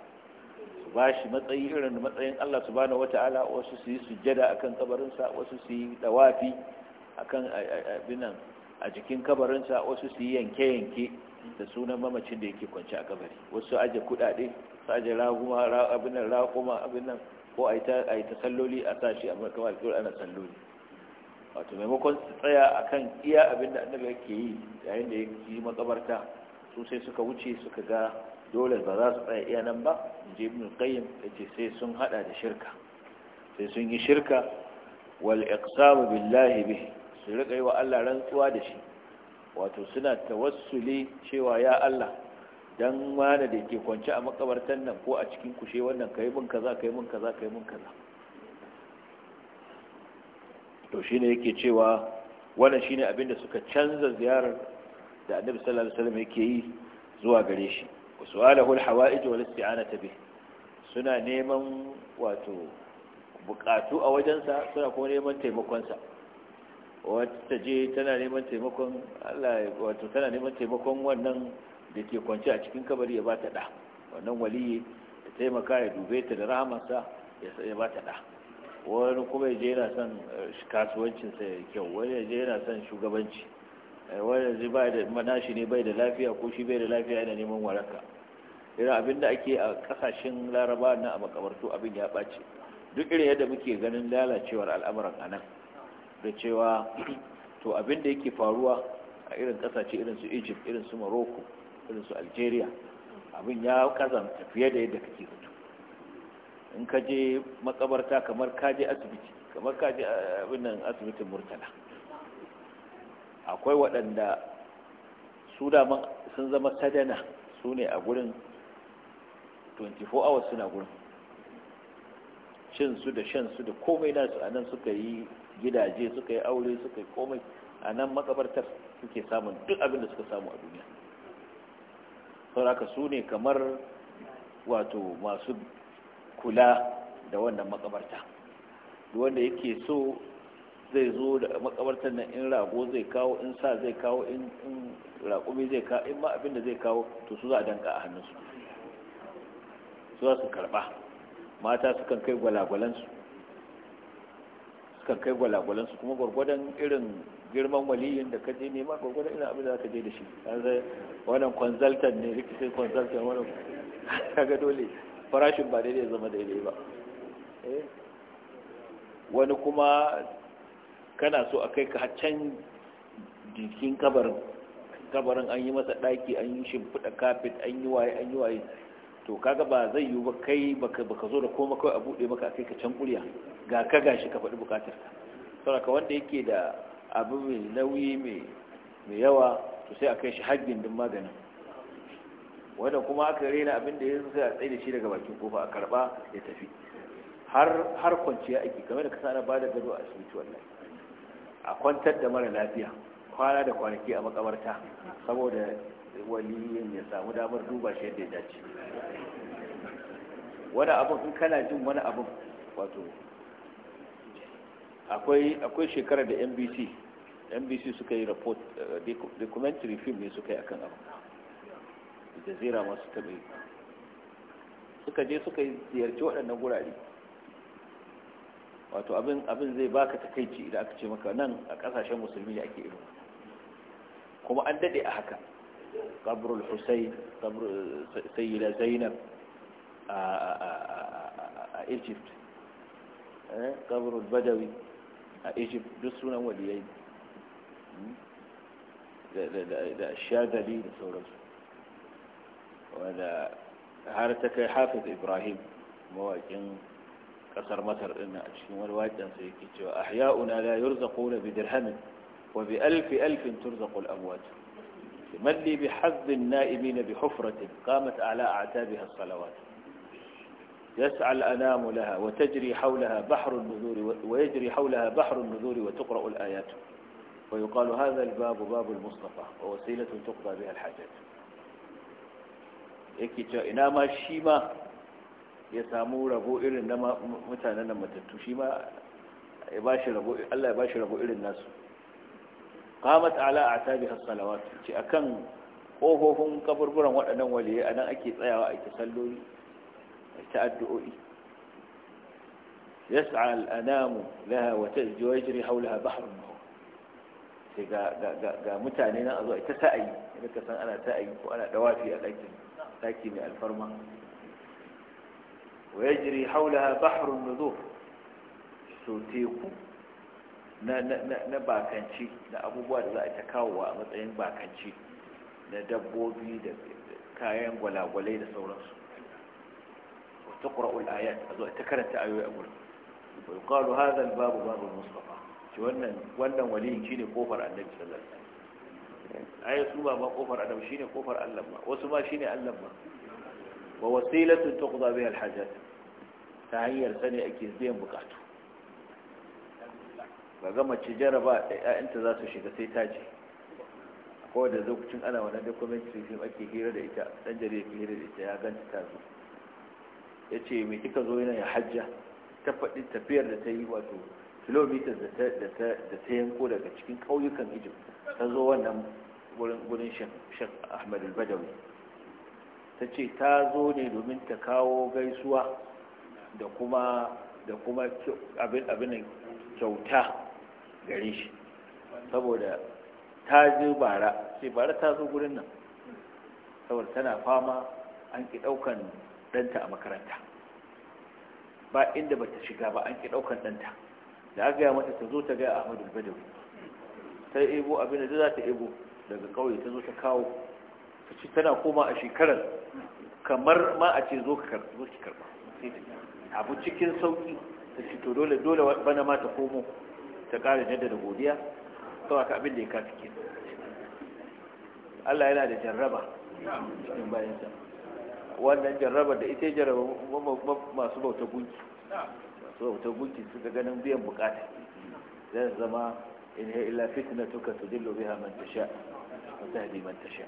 su ba shi matsayi irin matsayin Allah subhanahu wata'ala wasu su yi sujjada akan kabarinsa wasu su yi dawafi akan abinan a jikin kabarinsa wasu su yi yanke-yanke da sunan mamacin da yake kwanci a kabari wasu aje kudade su aje raguma abinan raguma abinan ko a yi ta salloli a sashi a makawar ana salloli wato maimakon su tsaya a kan iya abin da annabi yake yi yayin da ya yi makabarta su sai suka wuce suka ga dole ba za su tsaya iya nan ba je ibn qayyim ce sai sun hada da shirka sai sun yi shirka wal iqsam billahi bihi su rika yi wa Allah rantsuwa da shi wato suna tawassuli cewa ya Allah dan mana da ke kwance a makabartan nan ko a cikin kushe wannan kai mun kaza kai mun kaza kai mun kaza to shi ne yake cewa wannan shi shine abinda suka canza ziyarar da annabi sallallahu alaihi wasallam yake yi zuwa gare shi wa su'alahu al-hawa'ij wal isti'anata bi suna neman wato bukatu a wajensa suna kuma neman taimakonsa wata je tana neman taimakon Allah wato tana neman taimakon wannan da ke kwance a cikin kabari ya ba ta da wannan waliyi ya taimaka ya dube ta da rahamarsa ya ba ta da wani kuma je yana son eh, kasuwancin sa ya kyau wani je yana son shugabanci eh, wani zai ba da manashi ne bai da lafiya ko shi bai da lafiya yana neman waraka irin abin da ake a kasashen laraba na a makabartu abin ya ɓace duk irin yadda muke ganin lalacewar al'amuran a nan da cewa *clears throat* to abin da yake faruwa a irin kasashe irin su egypt irin su morocco irin su algeria abin ya kazanta fiye da yadda kake zato in ka je makabarta kamar ka je asibiti kamar ka je eh, abin nan asibitin murtala akwai waɗanda su daman sun zama sadana su ne a gurin 24 hours suna gurin cinsu da shansu da komai nasu a nan suka yi gidaje suka yi aure suka yi komai a nan makabartar suke samun duk abin da suka samu a duniya sauraka su ne kamar wato masu kula da wannan makabarta wanda yake so zai zo da makabartar nan in rago zai kawo in sa zai kawo in raƙumi zai kawo in ma abin da zai kawo to su za a danka a hannunsu su za su karɓa mata sukan kai gwalagwalansu sukan kai gwalagwalansu kuma gwargwadon irin girman waliyin da ka je nema gwargwadon irin abin da za ka je da shi wannan consultant ne rikice consultant wannan kaga dole farashin ba daidai zama daidai ba eh? wani kuma kana so a kai ka can jikin kabarin kabarin an yi masa daki an yi shimfiɗa kafet an yi waye an yi waye to kaga ba zai yi ba kai baka zo da koma kawai a buɗe maka a kai ka can ƙuriya ga ka gashi ka faɗi buƙatar ka ka wanda yake da abu mai nauyi mai yawa to sai a kai shi haggin din maganin wanda kuma aka rena abinda ya sai a tsaye da shi daga bakin kofa a karba ya tafi har kwanciya ake game da kasa na ba da gado a asibiti wallahi a kwantar da mara lafiya kwana da kwanaki a makabarta saboda waliyin ya samu damar duba shi yadda ya dace wani abin in kana jin wani abin wato akwai shekarar da nbc nbc suka yi report eh, documentary film ne suka yi akan abu Jazira masu suka yi suka je suka ziyarci waɗannan gurare wato abin zai baka takaici idan aka ce maka nan a ƙasashen musulmi ne ake irin kuma an daɗe a haka ƙabrul hussein sayyida zainab a egypt ƙabrul eh, badawi a egypt duk sunan waliyai hmm? da shagali da sauransu wadda har ta kai hafiz ibrahim mawaƙin ƙasar masar ɗin a cikin wani waƙinsa yake cewa ahya'una la yurzaquna bi dirhamin wa bi alfi alfin من لي بحظ النائمين بحفرة قامت على أعتابها الصلوات يسعى الأنام لها وتجري حولها بحر النذور ويجري حولها بحر النذور وتقرأ الآيات ويقال هذا الباب باب المصطفى ووسيلة تقضى بها الحاجات yake cewa ina ma shi ma ya samu rabo irin na mutanen nan matattu shi ma Allah ya bashi rabo irin nasu qamat ala atabiha salawat ce akan kofofin kaburburan waɗannan waliyai nan ake tsayawa a ita salloli a ita addu'o'i Ya yas'a al-anam laha wa tajri yajri haula a sai ga ga ga mutane nan a zuwa ita sa'ayi idan ka san ana sa'ayi ko ana dawafi a ɗakin daki mai alfarma wa yajri haulaha bahrun nuzur so teku na bakanci da abubuwa da za a ta kawowa a matsayin bakanci na dabbobi da kayan gwalagwalai da sauransu wa taqra'ul ayat azo ta karanta ayoyi a gurin wa yuqalu hadha al-babu babu mustafa shi wannan wannan waliyin ne kofar annabi sallallahu alaihi ayi su ba ma kofar adam shine kofar Allah ba wasu ma shine Allah ba wa wasilatu tuqda biha alhajat ta hanyar sani ake biyan bukatu ba ga mace jaraba ƴaƴanta za su shiga sai ta je ko da lokacin ana wannan documentary film ake hira da ita dan jare ke hira da ita ya ganta ta zo yace me kika zo yana ya hajja ta faɗi tafiyar da ta yi wato kilomita da ta yanko daga cikin ƙauyukan egypt ta zo wannan wurin shek ahmad al-badawi ta ce ta zo ne domin ta kawo gaisuwa da kuma abinan kyauta gare shi saboda ta ji bara sai bara ta zo gurin nan saboda tana fama an ki ɗaukan ɗanta a makaranta ba inda ba ta shiga ba an ki ɗaukan ɗanta da aka gaya mata ta zo ta gaya ahmadu badawi ta ebo abin da za ta ebo daga kauye ta zo ta kawo ta ci tana koma a shekarar kamar ma a ce zo ka karba abu cikin sauki ta ce to dole dole bana ma ta komo ta kare kara da godiya kawai ka abin da ya kafi ke Allah yana da jarraba cikin bayansa wannan jarraba da ita jarraba masu bauta gunki su bautar gunki suka ganin biyan bukata zai zama in ya illa fitnatuka tudillu biha man sha. wa tahdi man tasha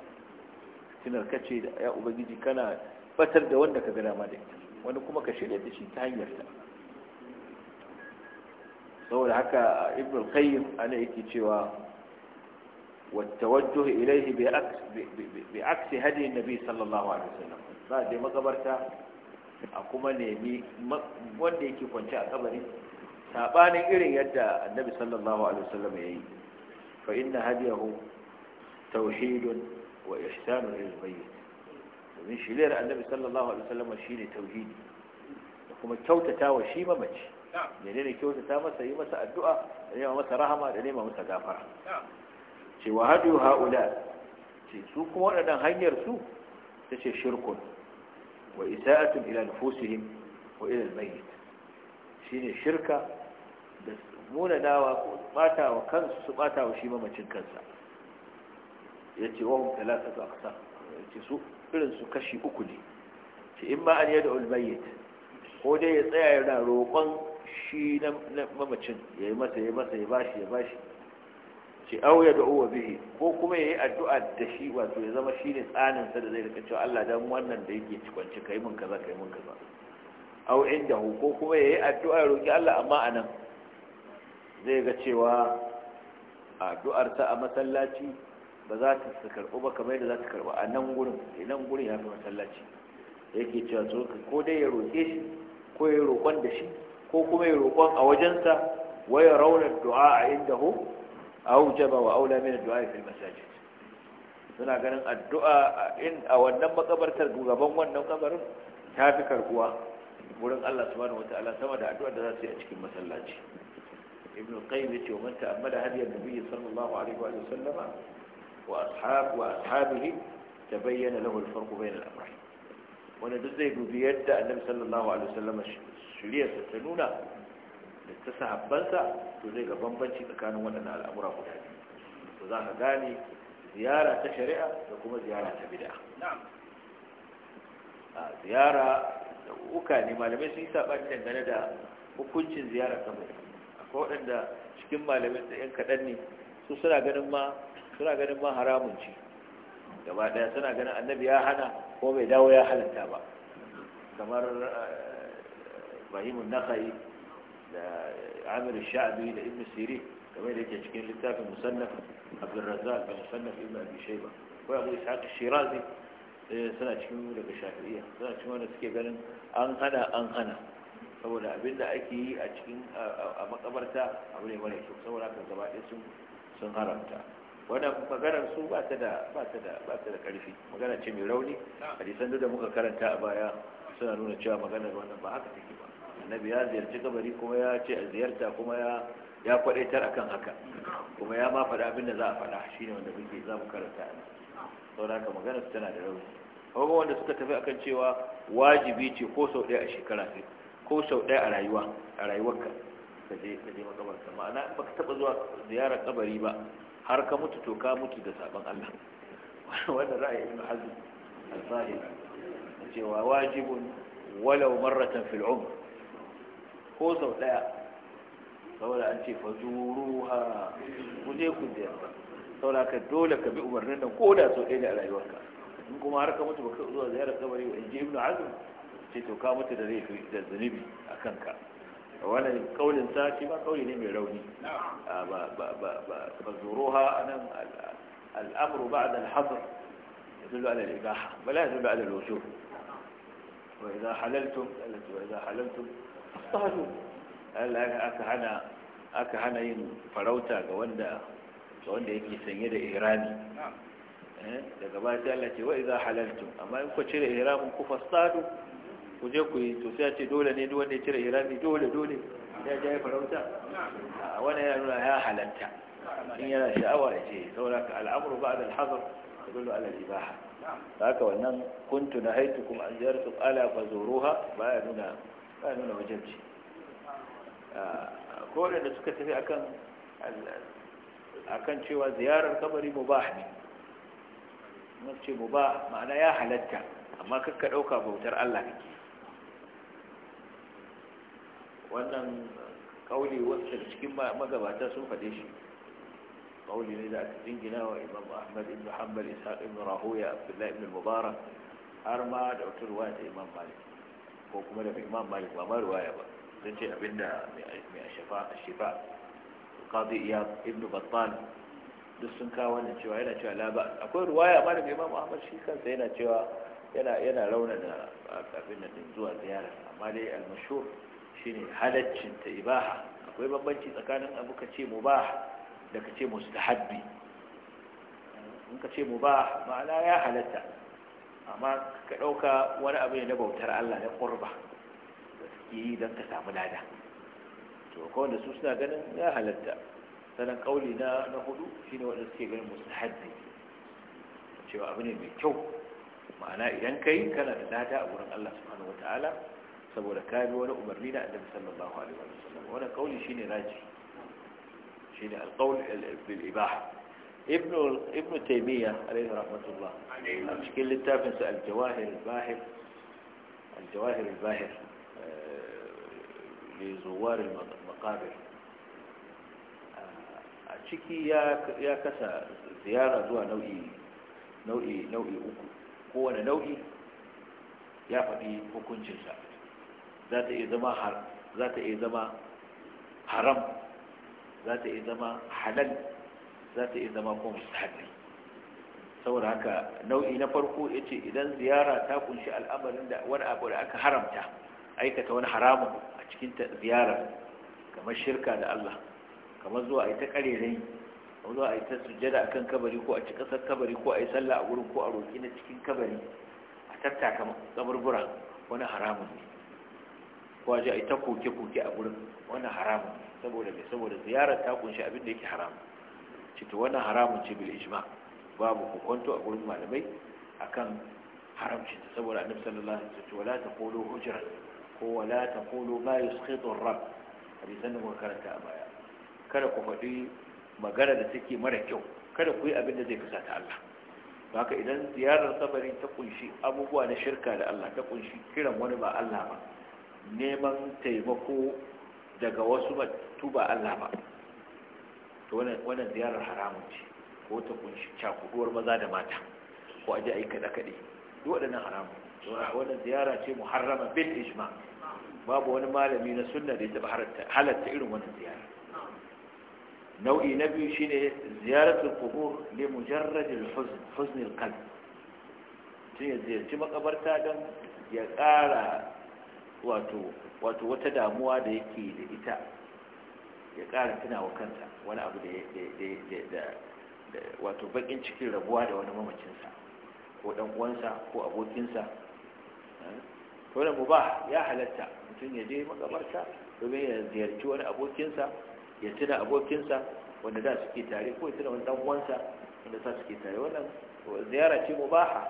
tunar kace da ya ubangiji kana batar da wanda ka gana ma da ita wani kuma ka shirya da shi ta hanyar ta saboda haka ibn al-qayyim ana yake cewa والتوجه إليه بعكس, بعكس هدي النبي صلى الله عليه وسلم بعد مقبرته a kuma nemi wanda yake kwance a kabari sabanin irin yadda annabi sallallahu alaihi wasallam ya yi fa inna hadiyahu tauhidun wa ihsanun lil mayyit domin shiriyar annabi sallallahu alaihi wasallam shine tauhidi da kuma kyautata wa shi mamaci da ne kyautata masa yi masa addu'a da nema masa rahama da nema masa gafara ce wa hadu haula ce su kuma waɗannan hanyar su ta ce shirkun wa isa'atun ila nufusihim wa ila almayyit shine shirka da muna dawa ko bata wa kansu su bata mamacin kansa yace wa hum thalathatu aqsam yace su irin su kashi uku ne ce in ma an yad'u almayyit ko dai ya tsaya yana roƙon shi masa masa ya bashi ya bashi ce au ya da'uwa bihi ko kuma yayi addu'a da shi wato ya zama shine tsanin sa da zai rika cewa Allah dan wannan da yake ci kai mun kaza kai mun kaza au hu, ko kuma yayi addu'a roki Allah amma anan zai ga cewa addu'ar ta a masallaci ba za ta karɓu ba kamar yadda za ta karɓu a nan gurin eh, nan gurin ya fi masallaci yake cewa to ko dai ya roƙe shi ko ya roƙon da shi ko kuma ya roƙon a wajensa waya raunar du'a a inda hu aujaba wa aula min addu'a fi masajid suna ganin addu'a in a wannan makabartar gaban wannan kabarin ta fi karkuwa wurin Allah subhanahu wataala sama da addu'a da za su yi a cikin masallaci ibn qayyim yace wa man ta'ammala hadiya nabiy sallallahu alaihi wa sallam wa ashab wa ashabihi tabayyana lahu al-farq bayna al-amrayn wanda duk zai dubi yadda annabi sallallahu alaihi wa sallam shiriyarsa ta nuna da ta sahabbansa to zai ga bambanci tsakanin waɗannan al'amura guda biyu to za ka gane ziyara ta shari'a da kuma ziyara ta bid'a ziyara da uka ne malamai sun yi saɓani dangane da hukuncin ziyara ta bai akwai waɗanda cikin malamai da yan kaɗan ne su suna ganin ma suna ganin ma haramun ci gaba ɗaya suna ganin annabi ya hana ko bai dawo ya halatta ba kamar eh, ibrahimun nakai da amir sha'abi da ibn siri kamar da yake cikin littafin musannaf abdurrazzaq da musannaf ibn abi shayba ko abu ishaq shirazi eh, suna cikin daga shafi'iyya suna cikin wanda suke ganin an hana an hana saboda abin da ake yi a cikin a makabarta abu ne mara kyau saboda haka gaba ɗaya sun sun haramta wannan maganar su ba ta da ba ta da ba ta da ƙarfi magana ce mai rauni hadisan da muka karanta a baya suna nuna cewa maganar wannan ba haka take annabi ya ziyarci kabari kuma ya ce a ziyarta kuma ya ya kwadaitar akan haka kuma ya ma faɗa abin da za a faɗa shine wanda muke za mu karanta a saboda haka magana tana da rauni kuma wanda suka tafi akan cewa wajibi ce ko sau ɗaya a shekara sai ko sau ɗaya a rayuwa a rayuwarka ka je ka je makabarta ma'ana in baka taɓa zuwa ziyarar kabari ba har ka mutu to ka mutu da sabon Allah *laughs* wanda ra'ayi ibn hazm al-zahir cewa wajibun walau marratan fil umr فوز ولا ولا أنت فزوروها وجي كذي ولا كدولة بأمرنا كولا سو إلى على يوكا إنكم عارك متى بكرة زيارة قبل يوم إنجيل ابن عزم تيتو كامتة دريك الزنبي أكنكا وانا قول ساكي ما قولي نمي روني فزوروها أنا الأمر بعد الحظر يدل على الإباحة ولا يدل على الوجوب وإذا حللتم وإذا حللتم qalu Allah aka hana aka hana yin farauta ga wanda ga wanda yake sanye da ihrami eh, daga baya sai Allah ce wa idza halaltum amma in ku cire ihrami ku fasadu ku je ku yi to sai ce dole ne duk wanda ya cire ihrami dole dole ya je farauta a wannan yana nuna ya halalta in yana sha'awa ya ce saboda al'amru ba'da al-hazr yadullu ala al-ibaha haka wannan kuntu nahaytukum an ziyartu ala fazuruha baya nuna ba nuna wajabci ko waɗanda suka tafi akan akan cewa ziyarar kabari mubah ne mun ce mubah ma'ana ya halatta amma kakka ɗauka bautar Allah kake wannan kauli wasu cikin magabata sun faɗe shi kauli ne da aka jingina wa imam ahmad ibn hanbal ishaq ibn rahoya abdullahi ibn mubarak har ma da wata ruwa da imam malik ko kuma daga imam malik ba ma ruwaya ba sun ce abinda mai ashafa shifa qadi iya ibnu battal duk sun kawo wannan cewa yana cewa la ba akwai ruwaya ma daga imam ahmad shi kansa yana cewa yana yana da kafin nan zuwa ziyara amma dai al-mashhur shine halaccin ta ibaha akwai bambanci tsakanin abu ka ce mubah da ka ce mustahabbi in ka ce mubah ma'ana ya halatta amma ka ɗauka wani abu ne na bautar Allah na ƙurba da suke yi don ka samu lada to kawai da su suna ganin ya halatta sanan ƙauli na na hudu shine wanda suke ganin musu haddi cewa abu ne mai kyau ma'ana idan ka kana da lada a wurin Allah subhanahu ta'ala saboda ka bi wani umarni na annabi sallallahu alaihi wasallam wannan ƙauli shine raji shine alqaul bil ibaha ابن ابن تيمية عليه رحمة الله المشكلة أشكل للتافنس الجواهر الباهر الجواهر الباهر آه، لزوار المقابر آه، أشكي يا يا كسا زيارة زوا نوعي نوعي نوعي أكو هو أنا نوعي يا فدي حكم جزاء ذات إذا ما حر ذات إذا ما حرام ذات إذا ما حلال za ta iya zama kuma mustahabi saboda haka nau'i na farko ya ce idan ziyara ta kunshi al'amarin da wani abu da aka haramta aikata wani haramun a cikin ziyara kamar shirka da Allah kamar zuwa a yi ta rai kamar zuwa a yi ta sujjada akan kabari ko a ci kasar kabari ko a yi sallah a wurin ko a roƙi na cikin kabari a tattaka kaburbura wani haramun ne ko a ji a yi ta koke-koke a wurin wani haramun saboda mai saboda ziyara ta kunshi abin da yake haramun ce wannan haramun ce bil ijma babu hukunto a gurin malamai akan haramcin ta saboda annabi sallallahu alaihi wasallam wala taqulu hujran ko wala taqulu ma yusqitu ar-rabb hadisan da muka karanta a baya kada ku faɗi magana da take mara kyau kada ku yi abin da zai fusata Allah haka idan ziyarar sabari ta kunshi abubuwa na shirka da Allah ta kunshi kiran wani ba Allah ba neman taimako daga wasu ba tuba Allah ba to wannan ziyarar haramun ce ko ta kunshi cakuduwar maza da mata ko aje ayi kada kade duk waɗannan haramun to wannan ziyara ce muharrama bil ijma babu wani malami na sunna da ya taba halatta irin wannan ziyara nau'i na biyu shine ziyaratul qubur li mujarrad al huzn huzn al qalb ya ziyarci makabarta don ya ƙara wato wata damuwa da yake da ita ya ƙara tuna wa kanta wani abu da wato bakin cikin rabuwa da wani mamacinsa ko dan uwansa ko abokinsa ko eh? da ba ya halatta mutum ya je makamarta domin ya ziyarci wani abokinsa ya tuna abokinsa wanda za su ke tare ko ya tuna wani dan uwansa wanda su ke tare wannan ziyara ce mu ba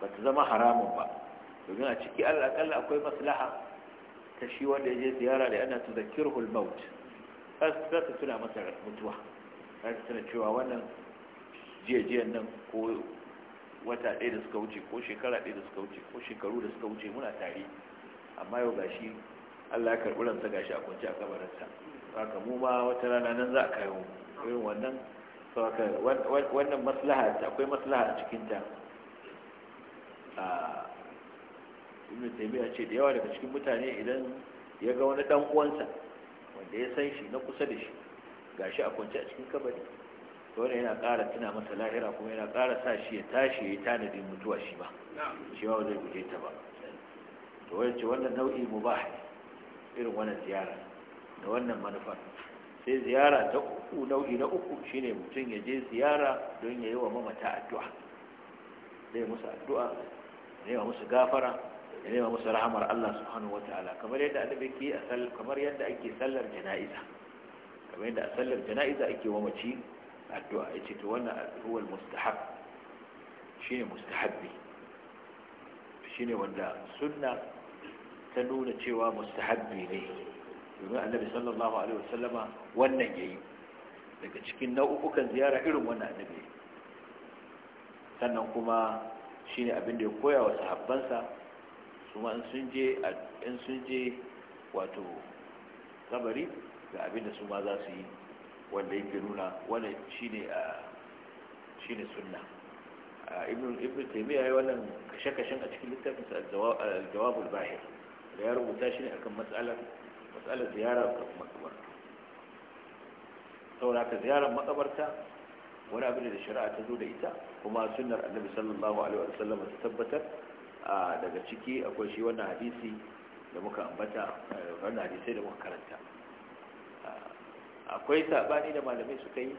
ta zama haramun ba domin a ciki Allah akwai maslaha ta shi wanda ya je ziyara da ana tuzakirhul maut za su tuna masa mutuwa za su tuna cewa wannan jiyajiyan nan ko wata ɗaya da suka wuce ko shekara ɗaya da suka wuce ko shekaru da suka wuce muna tare amma yau ga shi Allah ya karɓi ransa shi a kwanci a kabarinsa haka mu ma wata rana nan za a kayo mu irin wannan wannan maslaha akwai maslaha a cikin ta a ibn taymiya ce da yawa daga cikin mutane idan ya ga wani ɗan uwansa wanda ya san shi na kusa da shi gashi a kwance a cikin kabari wanda yana kara tuna masa lahira kuma yana kara sa shi ya tashi ya tanadi mutuwa shi ba shi ba zai guje ta ba to wani ce wannan nau'i mu ba irin wannan ziyara da wannan manufar sai ziyara ta uku nau'i na uku shine mutum ya je ziyara don ya yi wa mamata addu'a zai musu addu'a ne wa musu gafara ya nema musu rahamar Allah subhanahu wataala kamar yadda annabi ke a sallar kamar yadda ake sallar jana'iza kamar yadda a sallar jana'iza ake wa mace addu'a yace to wannan huwa mustahab shine mustahabbi shine wanda sunna ta nuna cewa mustahabbi ne domin annabi sallallahu alaihi wasallama wannan yayi daga cikin nau'ukan ziyara irin wannan annabi sannan kuma shine abin da ya koya wa sahabbansa kuma in sun je wato kabari ga abinda su ma za su yi wanda yake nuna wanda shi ne A ibn taimiyya ya yi wannan kashe-kashen a cikin littafinsa jawabul bahir da ya rubuta shi ne a kan matsalar ziyara ga makabarta saboda ka ziyara makabarta wani abin da shari'a ta zo da ita kuma sunar annabi sallallahu alaihi wasallam ta tabbatar daga ciki akwai shi wannan hadisi da muka ambata wannan hadisai da muka karanta akwai sabani da malamai suka yi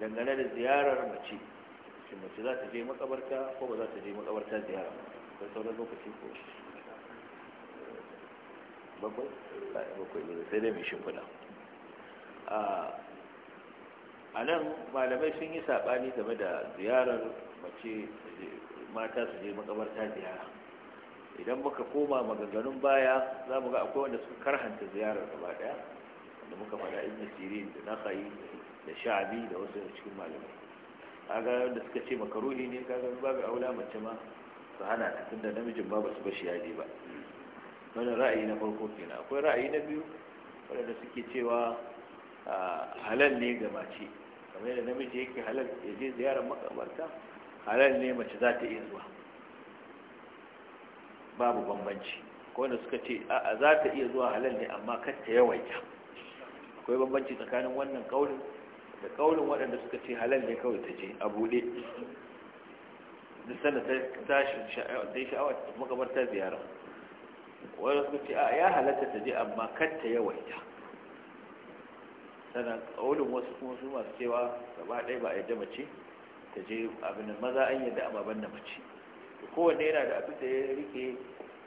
dangane da ziyarar mace shi mace za ta je makabarta ko ba za ta je makabarta ziyara ba sauran lokaci ko bakwai bakwai ne sai dai mai shimfiɗa a nan malamai sun yi saɓani game da ziyarar mace mata su je makabarta ziyara idan muka koma maganganun baya za mu ga akwai wanda suka karhanta ziyarar gaba daya wanda muka faɗa ibn sirin da nakai da sha'abi da wasu daga cikin malamai kaga wanda suka ce makaruhi ne kaga babu aula mace ma su hana ta tunda namijin ba su bashi yaje ba wannan ra'ayi na farko kenan akwai ra'ayi na biyu wanda suke cewa ah, halal ne ga mace kamar yadda namiji yake halal ya je ziyarar makabarta halal ne mace za ta iya zuwa babu bambanci ko da suka ce a za ta iya zuwa halal ne amma kar ta yawaita akwai bambanci tsakanin wannan kaulin da kaulin waɗanda suka ce halal ne kawai ta je a buɗe duk da ta tashi ta yi sha'awa ta makabarta ziyara wani suka ce a ya halatta ta je amma kar ta yawaita sannan kaunin wasu kuma su masu cewa gaba ɗaya ba a yadda mace ta je abin da maza an yadda ababen da mace kowanne yana da abin da ya rike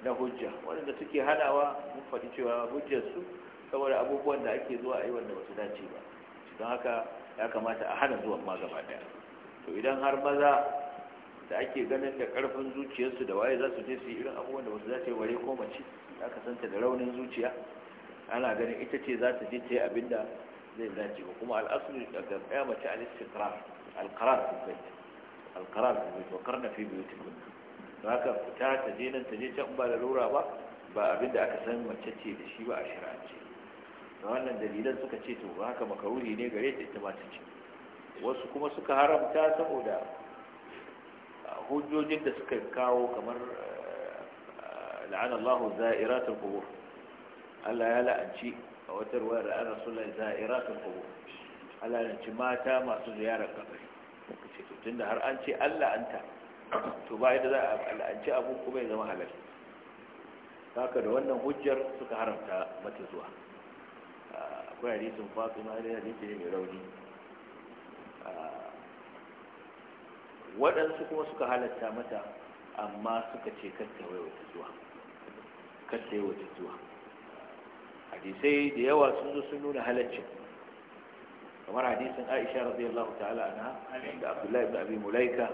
na hujja waɗanda suke hadawa mun faɗi cewa hujjarsu saboda abubuwan da ake zuwa a yi wanda wasu dace ba don haka ya kamata a hana zuwa ma gaba daya to idan har maza da ake ganin da karfin zuciyarsu da waye za su je su yi irin abubuwan da wasu dace ware ko mace ka santa da raunin zuciya ana ganin ita ce za ta je ta yi abin zai dace ba kuma al'asuri da ya mace a listin alqarar fil bait alqarar fil bait wa karna fi buyutikum haka fita ta je nan ta je can ba da lura ba ba abin aka san mace ce da shi ba a shari'ance da wannan dalilan suka ce to haka makaruri ne gare ta ita ma ta ce wasu kuma suka haramta saboda hujjojin da suka kawo kamar la'ana Allah Allah ya la'anci a wata halarci mata masu ziyarar kabari ka ce tutun da har an ce allah an ta to ba yadda za a al'anci abu kuma ya zama halal haka da wannan hujjar suka haramta mata zuwa akwai hadisin na da hadisi ne mai rauni waɗansu kuma suka halatta mata amma suka ce kattawai wata zuwa kattawai wata zuwa hadisai da yawa sun zo sun nuna halaccin kamar hadisin Aisha radiyallahu ta'ala anha da Abdullahi ibn Abi Mulaika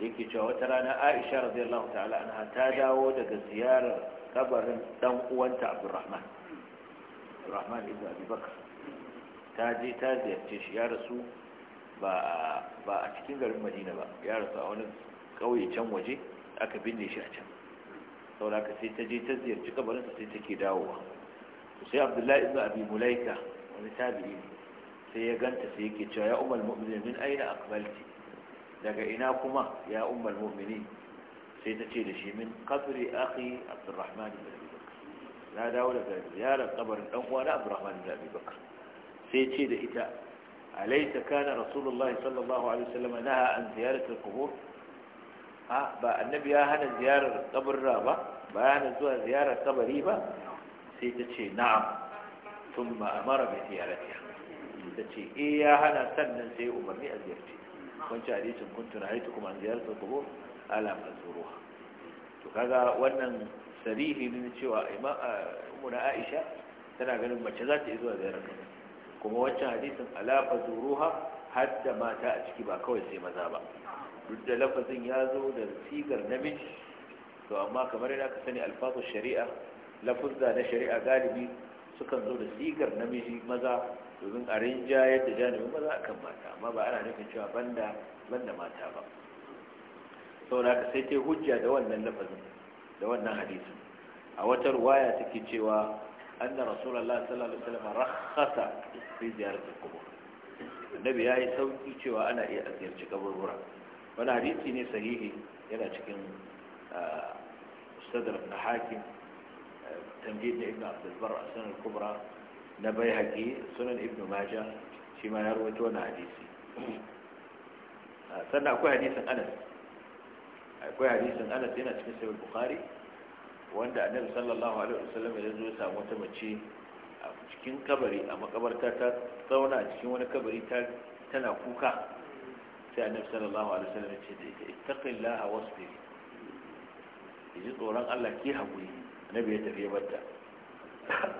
yake cewa wata rana Aisha radiyallahu ta'ala anha ta dawo daga ziyarar kabarin dan uwanta Abdurrahman Abdurrahman ibn Abi Bakr ta je ta ziyarce shi ya rasu ba ba a cikin garin Madina ba ya rasu a wani kauye can waje aka binne shi a can saboda ka sai ta je ta ziyarci kabarinsa sai take dawowa sai Abdullahi ibn Abi Mulaika wani tabi'i sai ya ganta sai yake cewa ya umar mu'minin min aina akmalti daga ina kuma ya umar mu'minin sai ta ce da shi min kafiri akhi abdurrahman ibn abi bakr na dawo daga ziyarar kabarin dan uwa na abdurrahman ibn abi bakr sai ce da ita alaysa kana rasulullahi sallallahu alaihi wasallam naha an ziyarati alqubur a ba annabi ya hana ziyarar kabarra ba ba ya hana zuwa ziyarar kabari ba sai ta ce na'am ثم أمر بزيارتها su ta ce eh ya hana sannan sai umarni a ziyarci wancan hadisin kun na haitu kuma an ziyarta kubur ala mazuruha to kaga wannan sarihi ne cewa imamu Aisha tana ganin mace za ta zuwa ziyarar kuma wancan hadisin ala fazuruha hadda mata a ciki ba kawai sai maza ba duk da lafazin ya zo da sigar namiji to amma kamar yana ka sani alfazu shari'a lafuzza na shari'a galibi sukan zo da sigar namiji maza domin a rinja yadda janibin za a kan mata amma ba ana nufin cewa banda banda mata ba saboda haka sai ta hujja da wannan lafazin da wannan hadisin a wata ruwaya take cewa anna rasulullah sallallahu alaihi wasallam rakhasa fi ziyarati qubur annabi ya yi sauki cewa ana iya ziyarci kaburbura wani hadisi ne sahihi yana cikin ustadar na hakim eh, da ibn abd al-barr as-sunan kubra na bai haƙi sunan ibn maja shi ma ya rubuta wani hadisi sannan akwai hadisin anas akwai hadisin anas yana cikin sahih bukhari wanda annabi sallallahu alaihi wasallam ya zo ya samu wata mace a cikin kabari a makabarta ta zauna a cikin wani kabari ta tana kuka sai annabi sallallahu alaihi wasallam ya ce da ita ittaqillaha wasbiri yaji tsoron Allah ki haƙuri annabi ya tafi ya barta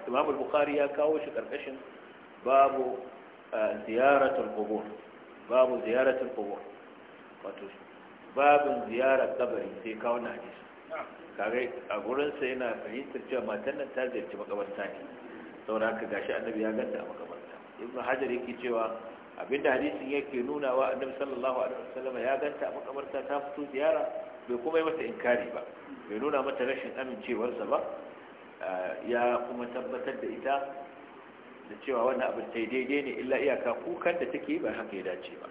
imam al-bukhari ya kawo shi karkashin babu eh, ziyaratul qubur babu ziyaratul qubur wato babu ziyarar kabari sai kawo na hadisi kage a sa yana fahimtar cewa matan nan ta ziyarci makabarta ne saboda haka gashi annabi ya ganta a makabarta ibnu hajar yake cewa abinda hadisin yake nuna wa annabi sallallahu alaihi wasallam ya ganta a makabarta ta fito ziyara bai kuma yi mata inkari ba bai nuna mata rashin amincewarsa ba ya kuma tabbatar da ita da cewa wannan abin sai daidai ne illa iyaka kukan da take ba haka ya dace ba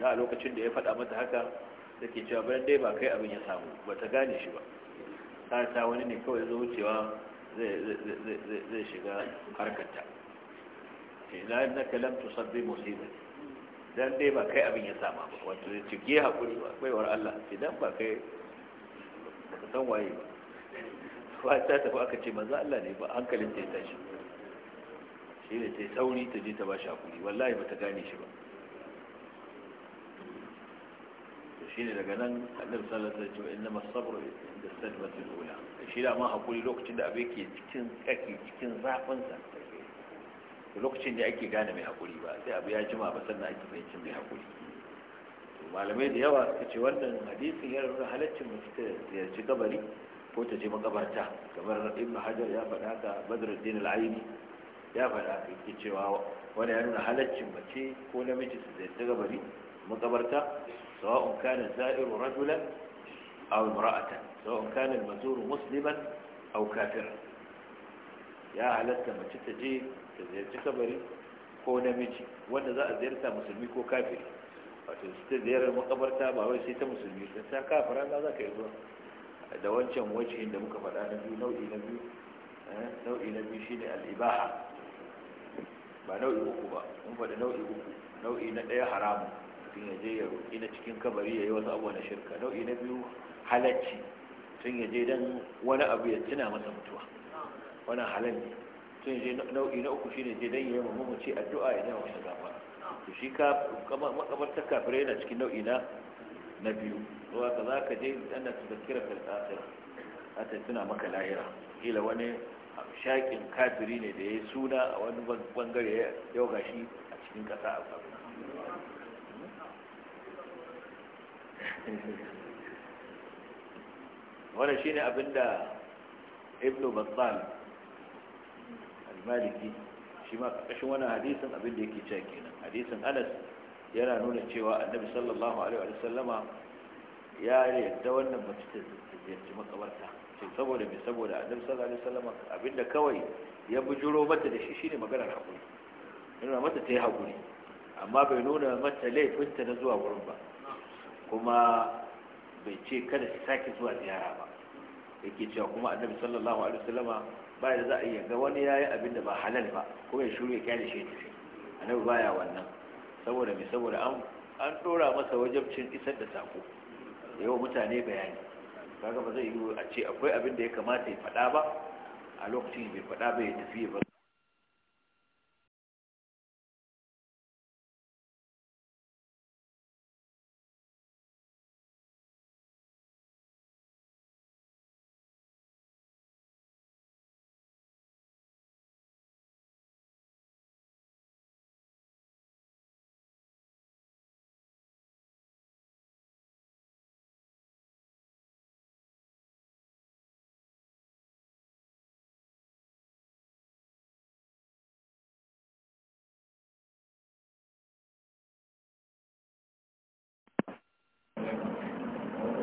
na a lokacin da ya faɗa mata haka da ke cewa bayan dai ba kai abin ya samu ba ta gane shi ba ta ta wani ne kawai zo wucewa zai shiga harkarta ina na kalam sabbin sabbi musiba dan dai ba kai abin ya sama ba wato ya cike hakuri ba baiwar Allah idan ba kai ba san waye ba ba ta tafi aka ce manzo Allah ne ba hankalin ta ya tashi shi ne ta sauri ta je ta ba shi hakuri wallahi ba ta gane shi ba shi ne daga nan annabi sallallahu alaihi wasallam inna masabru inda sadmatul ula shi da ma hakuri lokacin da abe ke cikin kake cikin zafin sa lokacin da ake gane mai hakuri ba sai abu ya jima ba sannan ake fahimcin mai hakuri to malamai da yawa suka ce wannan hadisin ya nuna halaccin mutum ziyarci gabari ko ta je makabarta kamar ibn hajar ya faɗa ka badruddin al-aini ya faɗa ka yake cewa wani ya nuna halaccin mace ko namiji su zai ta gabari makabarta sawa'un kana za'iru rajulan aw imra'atan sawa'un kana al-mazuru musliman aw kafiran ya halatta mace ta je ta ziyarci kabari ko namiji wanda za a ziyarta musulmi ko kafiri wato su ta ziyarar makabarta ba wai sai ta musulmi ta kafira za ka yi zuwa da wancan wajen da muka faɗa na biyu nau'i na biyu eh, nau'i na biyu shine al'ibaha ba nau'i uku ba mun faɗi nau'i uku nau'i na ɗaya haramu tun ya je ya roƙi na cikin kabari ya yi wasu abuwa na shirka nau'i na biyu halacci tun ya je wani abu ya tuna masa mutuwa wannan halal ne tun ya je nau'i na uku shine je don ya yi mamaci addu'a ya zama masa gafa to shi ka makabartar kafirai na cikin nau'i na biyu zuwa ka za ka je ana tazakira fil akhirah hata suna maka lahira kila wani shakin kafiri ne da ya suna a wani bangare yau gashi a cikin ƙasa a kwanu *laughs* wannan ne abinda ibn battal al-maliki shi ma kashin wannan hadisin abinda yake cewa kenan hadisin Anas yana nuna cewa annabi sallallahu alaihi wa sallama ya yarda wannan mace ta ziyarci makabarta ce saboda me saboda annabi sallallahu alaihi wasallam abinda kawai ya bujuro mata da shi shine maganar hakuri nuna mata ta yi hakuri amma bai nuna mata laifinta na zuwa wurin ba kuma bai ce kada ta sake zuwa ziyara ba yake cewa kuma annabi sallallahu alaihi wasallam ba ya za a iya ga wani yayi abin da ba halal ba kuma ya shiru ya kyale shi tafi annabi baya wannan saboda me saboda an an dora masa wajabcin isar da sako yawa mutane bayani kaga ba zai yi a ce akwai abin da ya kamata ya faɗa ba a lokacin bai faɗa ba ya tafi ba